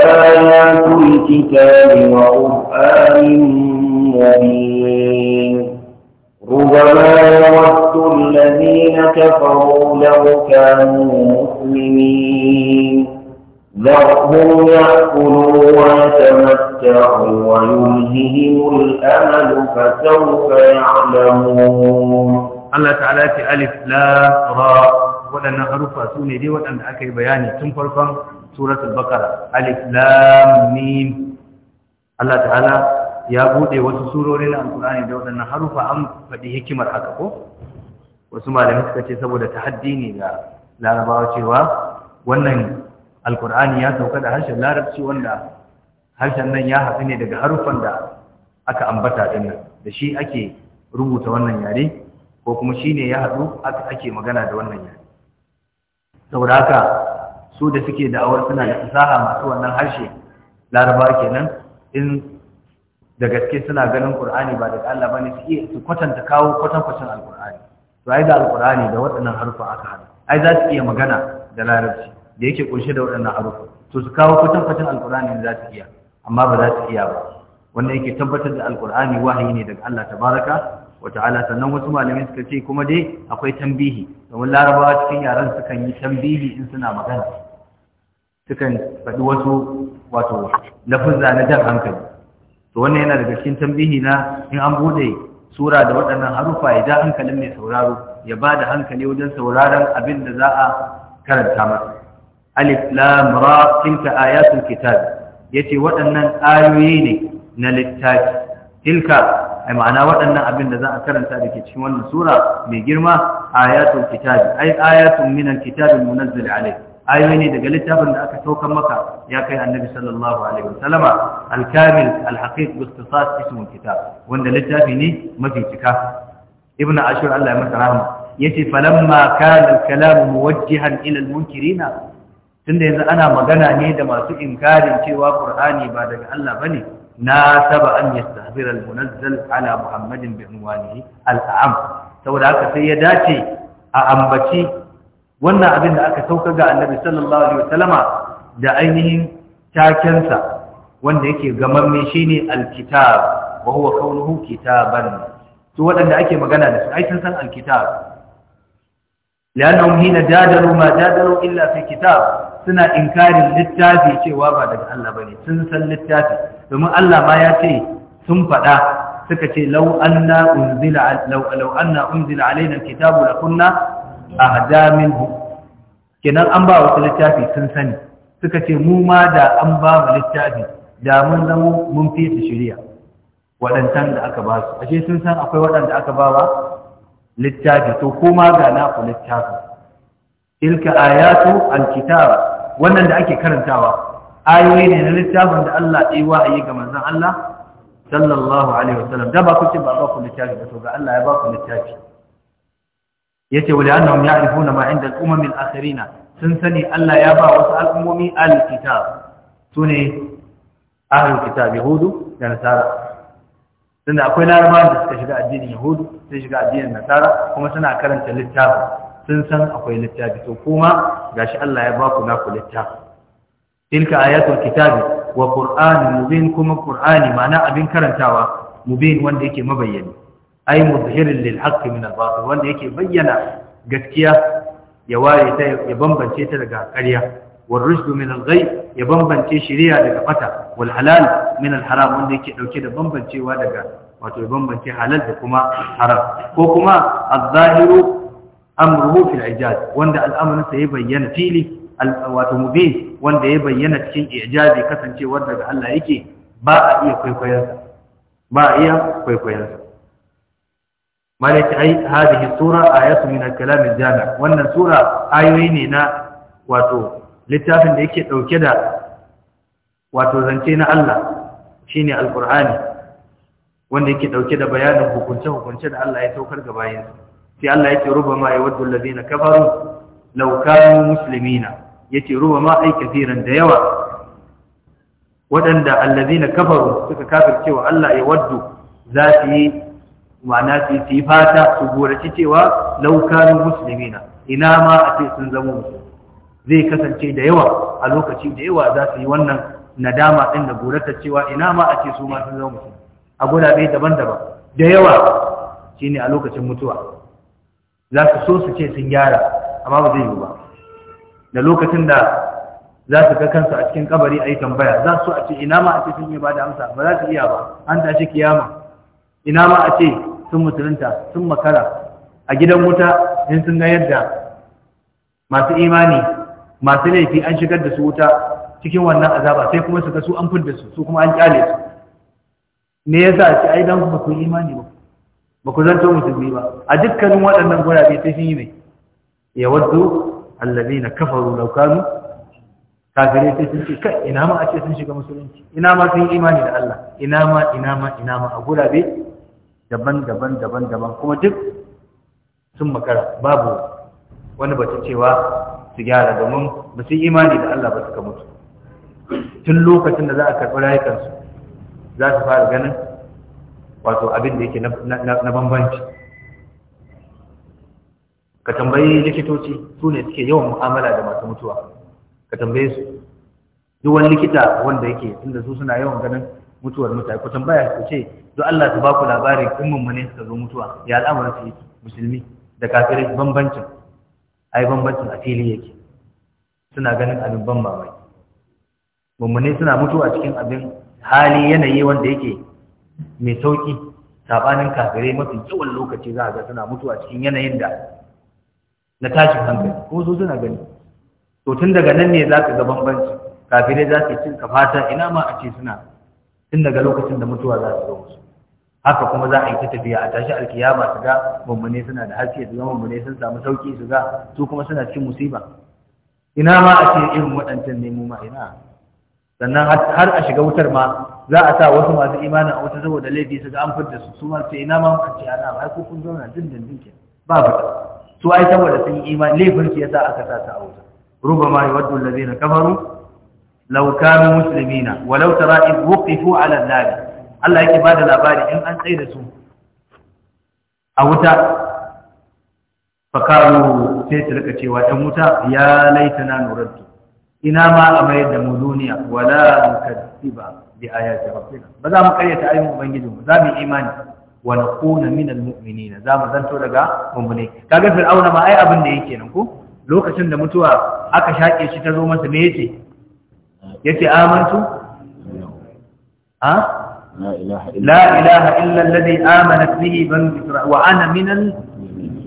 S1: آيات الكتاب وقرآن مبين ربما يود الذين كفروا لو كانوا مسلمين ذرهم يأكلوا ويتمتعوا ويلههم الأمل فسوف يعلمون Allah ta'ala ce alif la ra waɗannan harufa su ne dai waɗanda aka yi bayani tun farkon suratul bakara alif lam mim Allah ta'ala ya bude wasu surori na alkur'ani da waɗannan harufa an faɗi hikimar haka ko wasu malamai suka ce saboda tahaddi ne ga larabawa cewa wannan alkur'ani ya sauka da harshen larabci wanda harshen nan ya haɗu ne daga harufan da aka ambata dinnan da shi ake rubuta wannan yare ko kuma shi ne ya haɗu ake magana da wannan yare saboda haka su da suke da'awar suna da fasaha masu wannan harshe laraba kenan in da gaske suna ganin qur'ani ba daga Allah bane su iya su kwatanta kawo kwatankwacin alqur'ani to ai da alqur'ani da waɗannan harufa aka hada ai za su iya magana da larabci da yake kunshe da waɗannan harufa to su kawo kwatankwacin alqur'ani za su iya amma ba za su iya ba wannan yake tabbatar da alqur'ani wahayi ne daga Allah tabaraka wata'ala sannan wasu malamai suka ce kuma dai akwai tambihi domin larabawa cikin yaran sukan yi tambihi in suna magana sukan faɗi wasu wato lafuzza na jan hankali to wannan yana daga cikin tambihi na in an bude sura da waɗannan harufa ya ja hankalin mai sauraro ya ba da hankali wajen sauraron abin da za a karanta masa alif lam ra tilka ayatul kitab yace waɗannan ayoyi ne na littafi tilka ai ma'ana waɗannan abin da za a karanta da ke cikin wannan sura mai girma ayatul kitabi ai ayatun min alkitabil munazzal alayk ayoyi ne daga littafin da aka saukar maka ya kai annabi sallallahu alaihi wasallam alkamil alhaqiq bi ikhtisas kitab wanda littafi ne mafi cika ibnu ashur Allah ya masa rahama yace falamma kana alkalamu muwajjihan ila almunkirina tunda yanzu ana magana ne da masu inkarin cewa qur'ani ba daga Allah bane ناسب أن يستحضر المنزل على محمد بعنوانه الأعم saboda haka sai ya dace a ambaci wannan abin da aka sauka ga annabi sallallahu alaihi da ainihin takensa wanda yake gamamme shine alkitab wa huwa kaunuhu kitaban to wadanda ake magana da su ai sun san alkitab لانهم حين جادلوا ما جادلوا الا في كتاب suna inkarin littafi cewa ba daga Allah ba ne, sun san littafi domin Allah ma ya ce sun faɗa suka ce law anna unzila law law anna unzila alaina alkitabu la kunna ahda minhu kenan an ba wasu littafi sun sani suka ce mu ma da an ba mu littafi da mun zama mun fi su shiriya waɗantan da aka ba su ashe sun san akwai waɗanda aka ba wa littafi to kuma ga na ku littafi tilka ayatu alkitab wannan da ake karantawa ayoyi ne na littafin da Allah ya yi ga manzon Allah sallallahu alaihi wasallam da ba ku ce ba ba ku littafi ba to ga Allah ya ba ku littafi yace wala annahum ya ma 'inda al-umam al na sun sani Allah ya ba wasu al'ummomi al-kitab sune ahlul kitab hudu da nasara tunda akwai larabawa da suka shiga addinin yahudu sun shiga addinin nasara kuma suna karanta littafi sun san akwai littafi to kuma gashi Allah ya ba ku naku littafi tilka ayatul kitabi wa qur'an mubin kuma qur'ani ma'ana abin karantawa mubin wanda yake mabayyani ay muzhirin lil haqqi min al batil wanda yake bayyana gaskiya ya ware ta ya bambance ta daga ƙarya wal rushd min al ya bambance shari'a daga fata wal halal min al haram wanda yake dauke da bambancewa daga wato ya bambance halal da kuma haram ko kuma al zahiru amruhu fil ijaz wanda al'amarin sa ya bayyana fili wato mubin wanda ya bayyana cikin ijazi kasancewar daga Allah yake ba a iya kwaikwayarsa ba a iya kwaikwayarsa malaki ai hadhihi sura ayatu min al-kalam al-jami' wannan sura ayoyi ne na wato littafin da yake dauke da wato zance na Allah shine al-Qur'ani wanda yake dauke da bayanin hukunce hukunce da Allah ya saukar ga bayinsa sai Allah yake rubama yawaddu allazina kafaru law kanu muslimina yake ruwa ma ai kafiran da yawa waɗanda allazina kafaru suka cewa Allah ya waddu za su yi ma'ana su yi fata su goraci cewa laukan musulmina ina ma a ce sun zama musulmi zai kasance da yawa a lokaci da yawa za su yi wannan nadama ɗin da cewa ina ma a ce su ma sun zama musulmi a gurabe daban-daban da yawa shine a lokacin mutuwa za su so su ce sun gyara amma ba zai yi ba da lokacin da za su ga kansu a cikin kabari a yi tambaya za su a ce ina ma a ce sun yi ba da amsa ba za su iya ba an tashi kiyama ina ma a ce sun musulunta sun makara a gidan wuta in sun ga yadda masu imani masu laifi an shigar da su wuta cikin wannan azaba sai kuma su ga su an fidda su su kuma an kyale su me yasa a ce ai dan ba ku imani ba ba ku zanto musulmi ba a dukkanin waɗannan gurabe sai sun yi mai yawaddu allazina kafaru law kanu kafirai sai sun ce kai ina ma a ce sun shiga musulunci ina ma sun yi imani da Allah ina ma ina ma ina ma a gurabe daban-daban daban-daban kuma duk sun makara babu wani batu cewa su gyara domin ba su yi imani da Allah ba suka mutu tun lokacin da za a karɓi rayukansu za su fara ganin wato abin da yake na bambanci ka tambayi likitoci su ne suke yawan mu'amala da masu mutuwa ka tambaye su duk wani likita wanda yake inda su suna yawan ganin mutuwar mutane ku tambaya ku ce don Allah su ba ku labarin in mummune suka zo mutuwa ya al'amuran su yake musulmi da kafirai bambancin ai bambancin a fili yake suna ganin abin ban mamaki mummune suna mutuwa cikin abin hali yanayi wanda yake mai sauki sabanin kafirai mafi kyawun lokaci za a ga suna mutuwa cikin yanayin da na tashin hankali ko su suna gani to tun daga nan ne za ka ga bambanci Kafire za su cin ka fata ina ma a ce suna tun daga lokacin da mutuwa za su zo musu haka kuma za a yi ta tafiya a tashi alkiyama su ga bambane suna da haske su ga bambane sun samu sauki su ga su kuma suna cikin musiba ina ma a ce irin waɗancan ne mu ma ina sannan har a shiga wutar ma za a sa wasu masu imanin a wuta saboda laifi su ga an fitar su su ma ce ina ma a ce ana har kun zauna dindindin ke ba fita su ai saboda sun yi imani laifin shi yasa aka sa ta a wuta Ruba yawaddu allazina kafaru law kanu muslimina مسلمين tara id إذ ala على النار Allah yake bada labari in an tsaye da su a wuta fakaru sai su rika cewa dan wuta ya laitana nurattu ina ma a mayar da mu duniya wala nukaddiba bi ayati rabbina ba za mu karyata ayyukan ubangijinmu za mu imani wa nakuna minal mu'minin za mu zanto daga mummune kaga fir'auna ma ai abin da yake nan ko lokacin da mutuwa aka shake shi ta zo masa me yace yace amantu ha la ilaha illa alladhi amanat bihi ban isra'il wa ana minal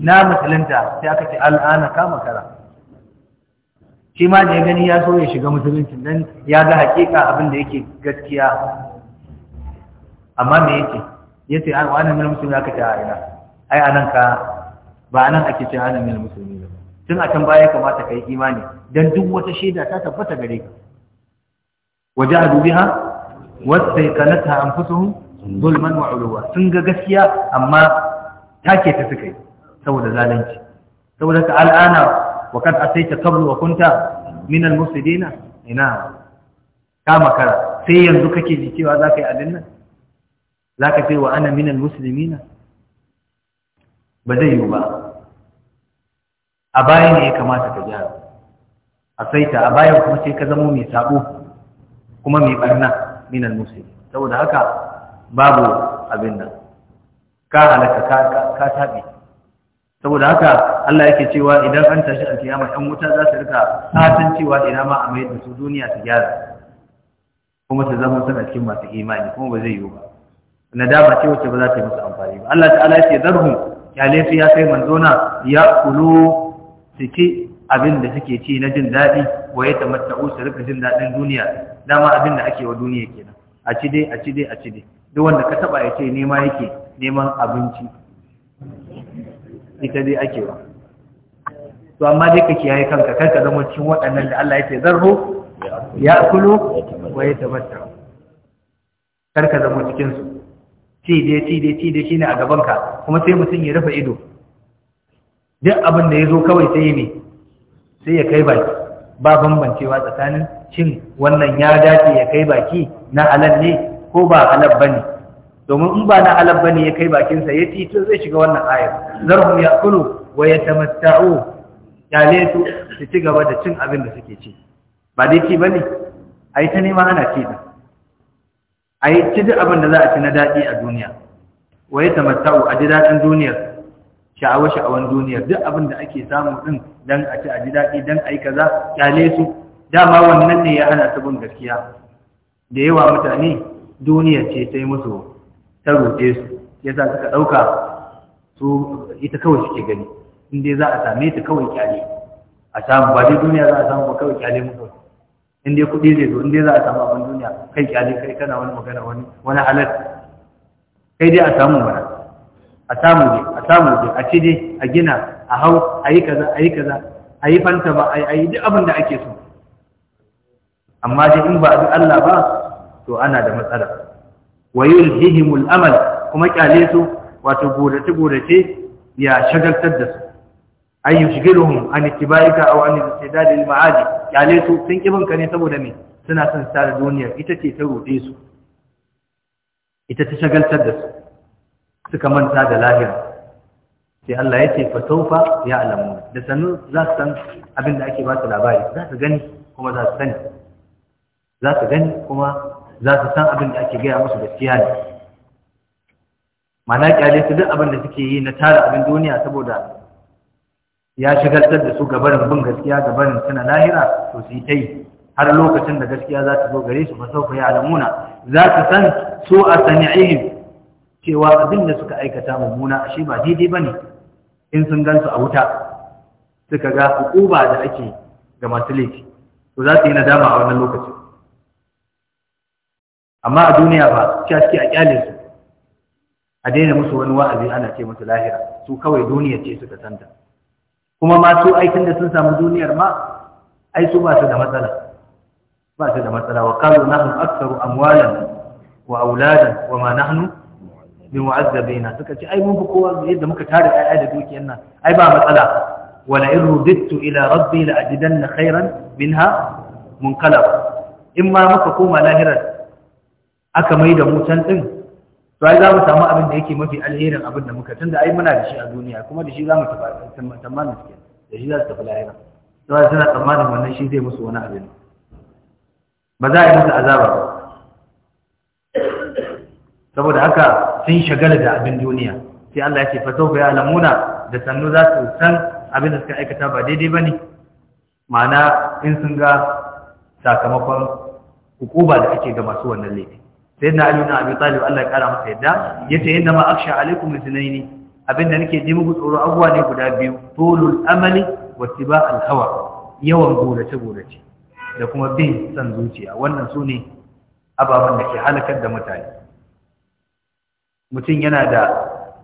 S1: na musulunta sai aka ce al'ana kama kara shi ma da ya gani ya so ya shiga musuluncin dan ya ga hakika abin da yake gaskiya amma me yake ya ce wa ana mil musulmi aka ce a ina ai anan ka ba nan ake ce ana mil musulmi ba tun a can baya kamata ka yi imani don duk wata shaida ta tabbata gare ka waje a dubi ha wata kanata an fusu zulman wa uluwa sun ga gaskiya amma take ta suka yi saboda zalunci saboda ka al'ana wa kad asaita qablu wa kunta min al-mufsidina ina ka makara sai yanzu kake ji cewa za ka yi abin nan za ka ce wa ana minan musulmi na ba zai yiwu ba a baya ne ya kamata ka gyara a saita a bayan kuma sai ka zamo mai sabo kuma mai barna minan musulmi saboda haka babu abin nan ka halaka ka taɓe saboda haka Allah yake cewa idan an tashi kiyama ɗan wuta za su rika fatan cewa ina ma a mayar da su duniya ta gyara kuma su zama suna cikin masu imani kuma ba zai yiwu ba nadama ce wacce ba za ta yi masa amfani ba Allah ta'ala ya ce zarhum kyale su ya kai manzona ya kulu suke abin da suke ci na jin daɗi wa ya tamatta'u su rika jin daɗin duniya dama abin da ake wa duniya kenan a ci dai a ci dai a ci dai duk wanda ka taba ya ce nema yake neman abinci ita dai ake wa to amma dai ka kiyaye kanka kar ka zama cikin waɗannan da Allah ya ce zarhu ya kulu wa ya tamatta'u kar ka zama cikin su ci da ci da ci shi ne a ka kuma sai mutum ya rufe ido duk abin da ya zo kawai sai yi ne sai ya kai baki ba bambancewa tsakanin cin wannan ya dace ya kai baki na halal ne ko ba halal bane. domin in ba na halal bane ya kai bakinsa ya ci zai shiga wannan ayar zarhum ya wa ya yaletu su ci gaba da cin abin da suke ci ba dai ci ba ne a yi ta nema ana ci da a yi ci duk abin da za a ci na daɗi a duniya wa ya tamatta'u a ji daɗin duniyar sha'awa sha'awan duniyar duk abin da ake samu ɗin don a ci a ji daɗi don a yi kaza kyale su dama wannan ne ya hana su bin gaskiya da yawa mutane duniyar ce ta yi musu ta roƙe su ya sa suka ɗauka su ita kawai suke gani in dai za a same ta kawai kyale a samu ba dai duniya za a samu ba kawai kyale musu in dai kuɗi zai zo in dai za a samu abin duniya kai kyale kai kana wani magana wani wani halal kai dai a samu mana a samu dai a samu dai a ci dai a gina a hau a yi kaza a yi kaza a yi fanta ba a yi duk abin da ake so amma dai in ba a bi Allah ba to ana da matsala wa yulhihimul amal kuma kyale su wato godace godace ya shagaltar da su an yushghiluhum an ittiba'ika aw an istidadi al ma'adi kyale su sun kibin ka ne saboda me suna son tsara duniya ita ce ta rode su ita ta shagaltar da su suka manta da lahira sai Allah ya ce fasaufa ya alamu da sanu za su san abin da ake ba su labari za su gani kuma za su sani za su gani kuma za su san abin da ake gaya musu gaskiya ne mana kyale su duk abin da suke yi na tara abin duniya saboda ya shigar da su gabarin bin gaskiya gabarin suna lahira to su yi ta yi har lokacin da gaskiya za ta zo gare su ku ya alamuna za ta san su a sani'ihim cewa abin da suka aikata mummuna ashe ba daidai ba ne in sun gansu a wuta suka ga hukuba da ake ga masu laifi to za su yi nadama a wannan lokacin amma a duniya ba cewa suke a kyale su a daina musu wani wa'azi ana ce musu lahira su kawai duniya ce suka santa kuma masu aikin da sun samu duniyar ma ai su ba su da matsala ba su da matsala wa qalu nahnu aktsaru amwalan wa auladan wa ma nahnu bi mu'azzabina suka ce ai mun fi kowa yadda muka tare ai da dukiyar nan ai ba matsala wala in rudittu ila rabbi la ajidanna khairan minha munqalab in ma muka koma lahirar aka mai da mu can din ai za mu samu abin da yake mafi alherin abin da muka tunda ai muna da shi a duniya kuma da shi za mu tafi tsammanin suke da shi za su tafi lahira To ai suna tsammanin wannan shi zai musu wani abin ba za a yi musu azaba ba saboda haka sun shagala da abin duniya sai Allah ya ce fa ya lamuna, da sannu za su san abin da suka aikata ba daidai ba ne? ma'ana in sun ga sakamakon hukuba da ake ga masu wannan laifi sai na abin abu talib Allah ya kara masa yadda ya ce yadda ma aksha alaikum zinaini abinda nake ji muku tsoro abuwa ne guda biyu tolul amali wa tiba alhawa yawan gorace gorace da kuma bin san zuciya wannan su ne ababen da ke halakar da mutane mutum yana da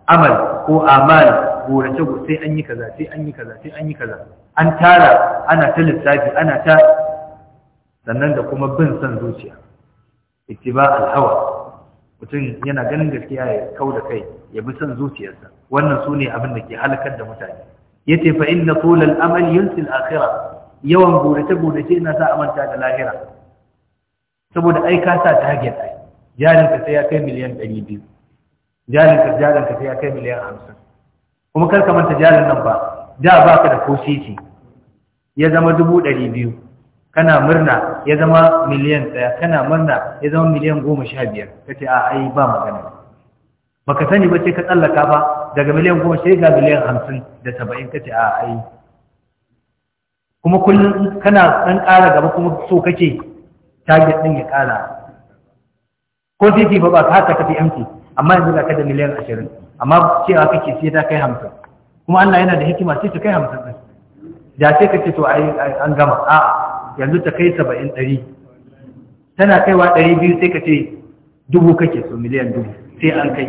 S1: amal ko amal gorace sai an yi kaza sai an yi kaza sai an yi kaza an tara ana ta lissafi ana ta sannan da kuma bin san zuciya ittiba al-hawa mutum yana ganin gaskiya ya kau da kai ya bi son zuciyarsa wannan sune abin da ke halakar da mutane yace fa inna tul al-amal yunsi al-akhirah yawan gurace gurace ina sa amanta da lahira saboda ai ka sa target ai jarin ka sai ya kai miliyan 200 jarin ka jarin ka sai ya kai miliyan 50 kuma kar ka manta jarin nan ba da baka da ko ya zama 200 kana murna ya zama miliyan daya kana murna ya zama miliyan goma sha biyar ka ce a ai ba magana baka sani ba ce ka tsallaka ba daga miliyan goma sai ga miliyan hamsin da saba'in ka ce a ai kuma kullum kana ɗan ƙara gaba kuma so kake target ɗin ya ƙara ko titi ba ba ka haka tafi empty amma yanzu ka da miliyan ashirin amma cewa kake sai ta kai hamsin kuma Allah yana da hikima sai ta kai hamsin ɗin da sai ka ce to ai an gama a'a yanzu ta kai saba'in ɗari tana kaiwa ɗari biyu sai ka ce dubu kake so miliyan dubu sai an kai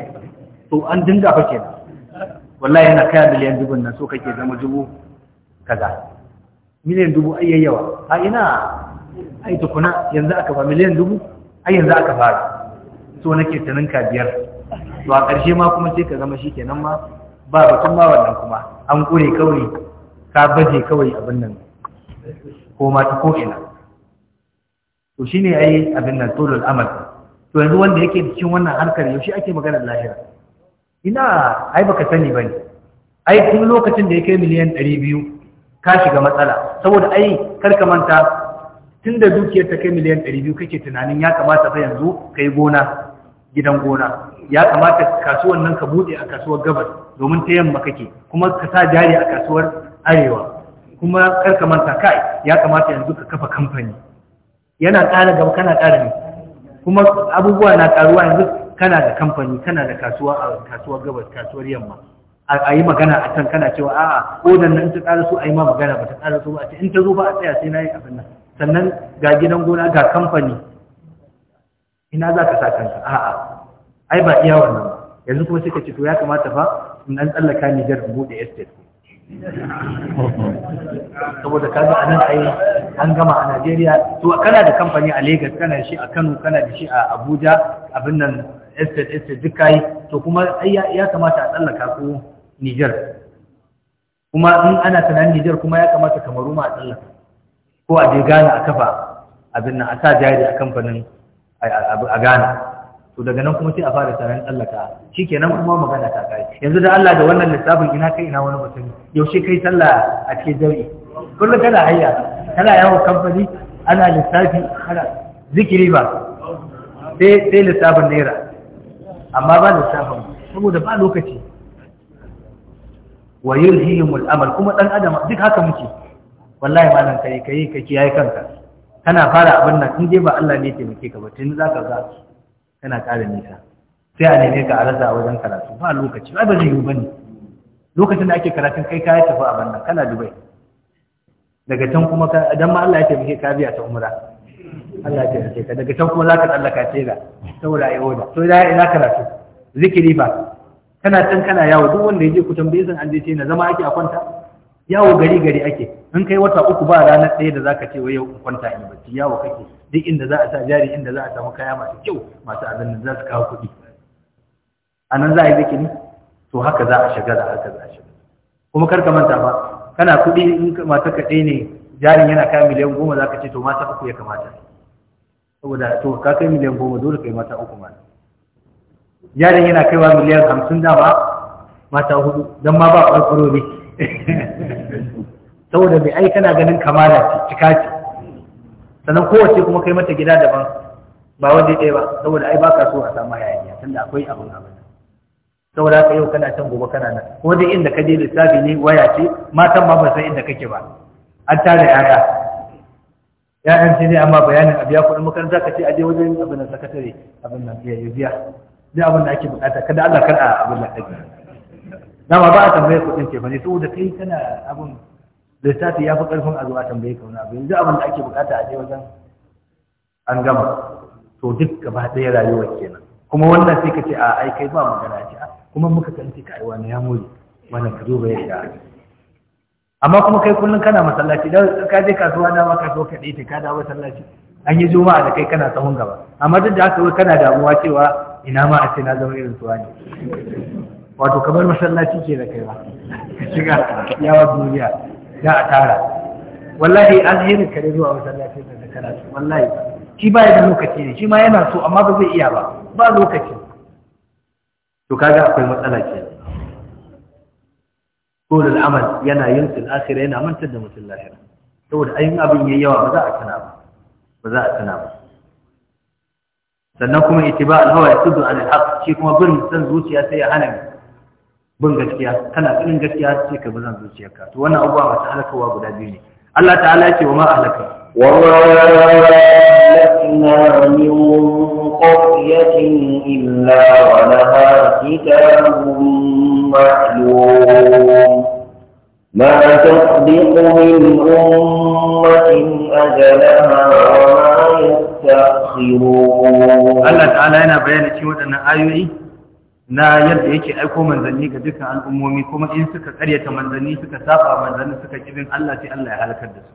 S1: to an dinga fa kenan wallahi yana kaya miliyan dubu, nan so kake zama dubu kaza miliyan dubu ai yawa, a ina ai tukuna yanzu aka fa miliyan dubu ai yanzu aka fara so nake tunin ka biyar to a ƙarshe ma kuma sai ka zama shi kenan ma ba batun ma wannan kuma an ƙure kawai ka baje kawai abin nan ko ma ta ko ina to shine yayi abin nan tulul amal to yanzu wanda yake cikin wannan harkar yaushe ake magana lahira ina ai baka sani bane ai tun lokacin da ya kai miliyan biyu ka shiga matsala saboda ai karka manta tun da dukiyar ta kai miliyan 200 kake tunanin ya kamata fa yanzu kai gona gidan gona ya kamata kasuwan nan ka bude a kasuwar gabas domin ta yamma kake kuma ka sa jari a kasuwar arewa kuma karka manta kai ya kamata yanzu ka kafa kamfani yana ƙara gaba kana ƙara ne kuma abubuwa na ƙaruwa yanzu kana da kamfani kana da kasuwa a kasuwar gabas kasuwar yamma a yi magana a can kana cewa a'a odan nan ta ƙara so a yi ma magana ba ta ƙara so ba a ce in ta zo ba a tsaya sai na yi abin nan sannan ga gidan gona ga kamfani ina za ka sa kanka a'a ai ba iya wannan ba yanzu kuma sai ka ce to ya kamata fa in an tsallaka jar in bude estate saboda kaga a nan ai an gama a Najeriya to kana da kamfani a Lagos kana shi a Kano kana da shi a Abuja abin nan estate estate duk kai to kuma ya kamata a tsallaka ko Niger kuma in ana tunanin Niger kuma ya kamata Kamaru ma a tsallaka ko a je Ghana a kafa abin nan a sa jari a kamfanin a Ghana to daga nan kuma sai a fara taron tsallaka shikenan kuma magana ta kai yanzu da Allah da wannan lissafin ina kai ina wani mutum yaushe kai sallah a cikin jami'i kullum kana hayya kana yawo kamfani ana lissafi kana zikiri ba sai sai lissafin naira amma ba lissafin saboda ba lokaci wa al amal kuma dan adam duk haka muke wallahi malam kai kai ka kiyaye kanka kana fara abin nan in dai ba Allah ne ke taimake ka ba tun zaka ga yana ƙara nisa sai a neme ka a rasa a wajen karatu ba lokaci ba zai yiwu bane lokacin da ake karatun kai ka tafi a banda kana dubai daga can kuma ka dan ma Allah ya taimake ka biya ta umra Allah ya taimake ka daga can kuma zaka tsallaka tera saboda ai oda to da ina karatu zikiri ba kana can kana yawo duk wanda yaje ku tambayi san an je ce na zama ake a kwanta yawo gari gari ake in kai wata uku ba ranar ɗaya da zaka ce wai yau kwanta in bacci yawo kake duk inda za a sa jari inda za a samu kaya masu kyau masu abin da za su kawo kuɗi a nan za a yi ne to haka za a shiga da haka za a shiga kuma kar ka manta ba kana kuɗi in mata kaɗai ne jarin yana kai miliyan goma za ka ce to mata uku ya kamata saboda to ka kai miliyan goma dole kai mata uku ma jarin yana kaiwa miliyan hamsin dama mata hudu don ma ba ƙwarƙwaro ne saboda mai ai kana ganin kamala ce cika ce sannan kowace kuma kai mata gida daban ba wanda ɗaya ba saboda ai baka so a samu hayaniya tunda akwai abin abin saboda haka yau kana can gobe kana nan ko dai inda ka je lissafi ne waya ce matan ma ban san inda kake ba an tare yaya
S2: ya'yan ce ne amma bayanin a
S1: biya kuɗin makaranta ka ce a je wajen abin nan sakatare abin nan biya biya duk abin da ake bukata kada Allah kar a abin nan kake dama ba a tambaye kuɗin ce ba ne saboda kai kana abin littafi ya fi ƙarfin a zuwa tambaye ka wani abu yanzu abin da ake bukata a je wajen an gama to duk gaba ɗaya rayuwar kenan kuma wannan sai ka ce a ai kai ba magana ce kuma muka san ka kai wani ya muri wannan ka duba yadda amma kuma kai kullum kana masallaci da ka je kasuwa dama ka zo ka ɗaya ta ka dawo masallaci an yi juma'a da kai kana tsawon gaba amma duk da haka kana damuwa cewa ina ma a ce na zama irin tuwa ne wato kamar masallaci ke da kai ba ka shiga yawa duniya za a tara wallahi alherin ka ne zuwa masallaci da karatu wallahi shi ba da lokaci ne shi ma yana so amma ba zai iya ba ba lokaci to kaga akwai matsala ce Kolul amal yana yin til akhira yana manta da mutum lahira saboda ayin abin yayi yawa ba za a tana ba ba za a tana ba sannan kuma ittiba al-hawa yasuddu an al-haq shi kuma bin san zuciya sai ya hana bin gaskiya kana tsinin gaskiya ce ka bazan zuciyar ka, to wannan abubuwa masu halakawa guda biyu ne Allah ta'ala ya ce wa ma ahlaka wa ma min qaryatin illa wa laha kitabun Allah ta'ala yana bayyana cikin waɗannan ayoyi na yadda yake aiko manzanni ga dukkan al'ummomi kuma in suka karyata manzanni suka saba manzanni suka kibin Allah sai Allah ya halakar da su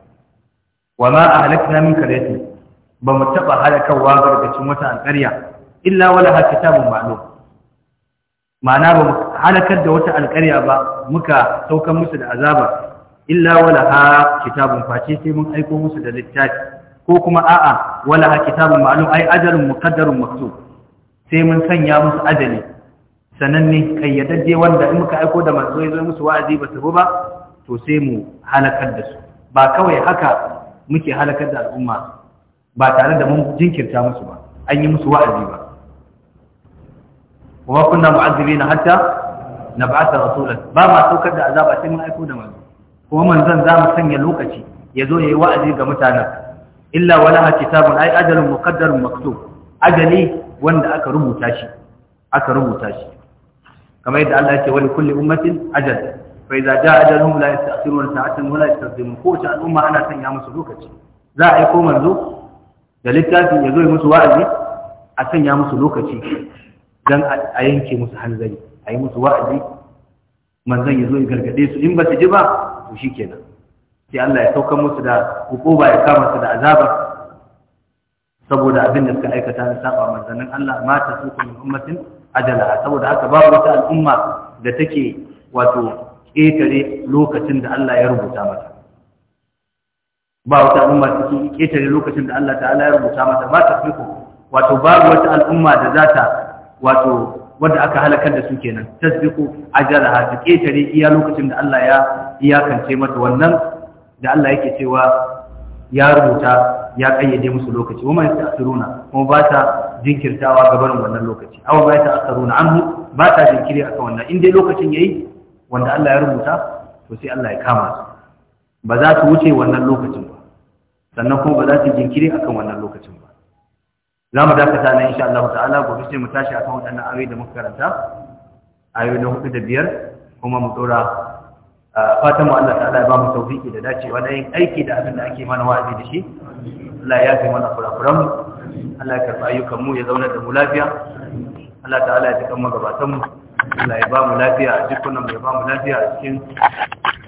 S1: wa ma ahlakna min qaryati ba mu taba halakawa gargacin wata alƙarya illa wala ha kitabun ma'lum ma'ana ba mu halakar da wata alƙarya ba muka saukan musu da azaba illa wala ha kitabun face sai mun aiko musu da littafi ko kuma a'a wala ha kitabun ma'lum ai ajalun muqaddarun maktub sai mun sanya musu ajali sananne kayyadajje wanda in muka aiko da manzo ya musu wa'azi ba su ba to sai mu halakar da su ba kawai haka muke halakar da al'umma ba tare da mun jinkirta musu ba an yi musu wa'azi ba wa kunna mu'azzibina hatta nab'atha rasulan ba ma saukar da azaba sai mun aiko da manzo kuma manzon za mu sanya lokaci ya zo yayi wa'azi ga mutanen illa walaha kitabun ay ajalun muqaddarun maktub ajali wanda aka rubuta shi aka rubuta shi kamar yadda Allah ya ce wani kulle ummatin ajal fa idza jaa ajaluhum la yasta'khiruna sa'atan wa la yastaqdimun ko ta al'umma ana sanya musu lokaci za a aiko manzo da littafi ya zo ya musu wa'azi a sanya musu lokaci dan a yanke musu hanzari a yi musu wa'azi manzon ya zo ya gargade su in ba su ji ba to shikenan sai Allah ya saukar musu da hukuma ya kama su da azaba saboda abin da suka aikata na saba manzannin Allah mata su kuma ummatin ajalaha saboda haka babu wata al'umma da take wato ƙetare lokacin da Allah ya rubuta mata ba wata al'umma da take ƙetare lokacin da Allah ta'ala ya rubuta mata ba ta fiko wato babu wata al'umma da za ta wato wanda aka halakar da su kenan tasbiqu ha ta ƙetare iya lokacin da Allah ya iyakance mata wannan da Allah yake cewa ya rubuta ya kayyade musu lokaci wa ma yasiruna kuma ba ta jinkirtawa ga barin wannan lokaci aw ma ta'akkaruna anhu ba ta jinkiri akan wannan in lokacin ya yayi wanda Allah ya rubuta to sai Allah ya kama su ba za su wuce wannan lokacin ba sannan kuma ba za su jinkiri akan wannan lokacin ba za mu dakata na insha Allah ta'ala gobe sai mu tashi akan waɗannan ayoyi da muka karanta ayoyi na hudu da biyar kuma mu dora fatan mu Allah ta'ala ya ba mu tawfiki da dacewa da yin aiki da abin da ake mana wa'azi da shi Allah ya kai mana kurakuran Allah ya karɓi ayyukanmu ya zauna da mu lafiya Allah ta'ala ya tukan magabatan mu Allah ya ba mu lafiya a jikunan mu ya ba mu lafiya a cikin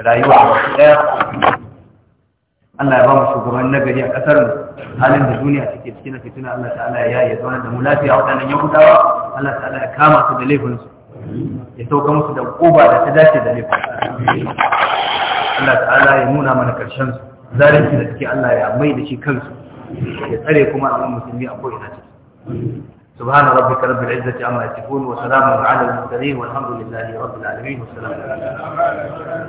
S1: rayuwa masu ɗaya. Allah ya ba mu shugaban nagari a kasar mu halin da duniya take cikin na fitina Allah ta'ala ya ya zauna da mu lafiya waɗannan yahudawa Allah ta'ala ya kama su da laifinsu ya sauka musu da ƙoba da ta dace da laifinsu Allah ta'ala ya nuna mana karshen su zalunci da suke Allah ya mai da shi kansu ya tsare kuma a musulmi a ko'ina ce سبحان ربك رب العزة عما يصفون وسلام على المرسلين والحمد لله رب العالمين والسلام عليكم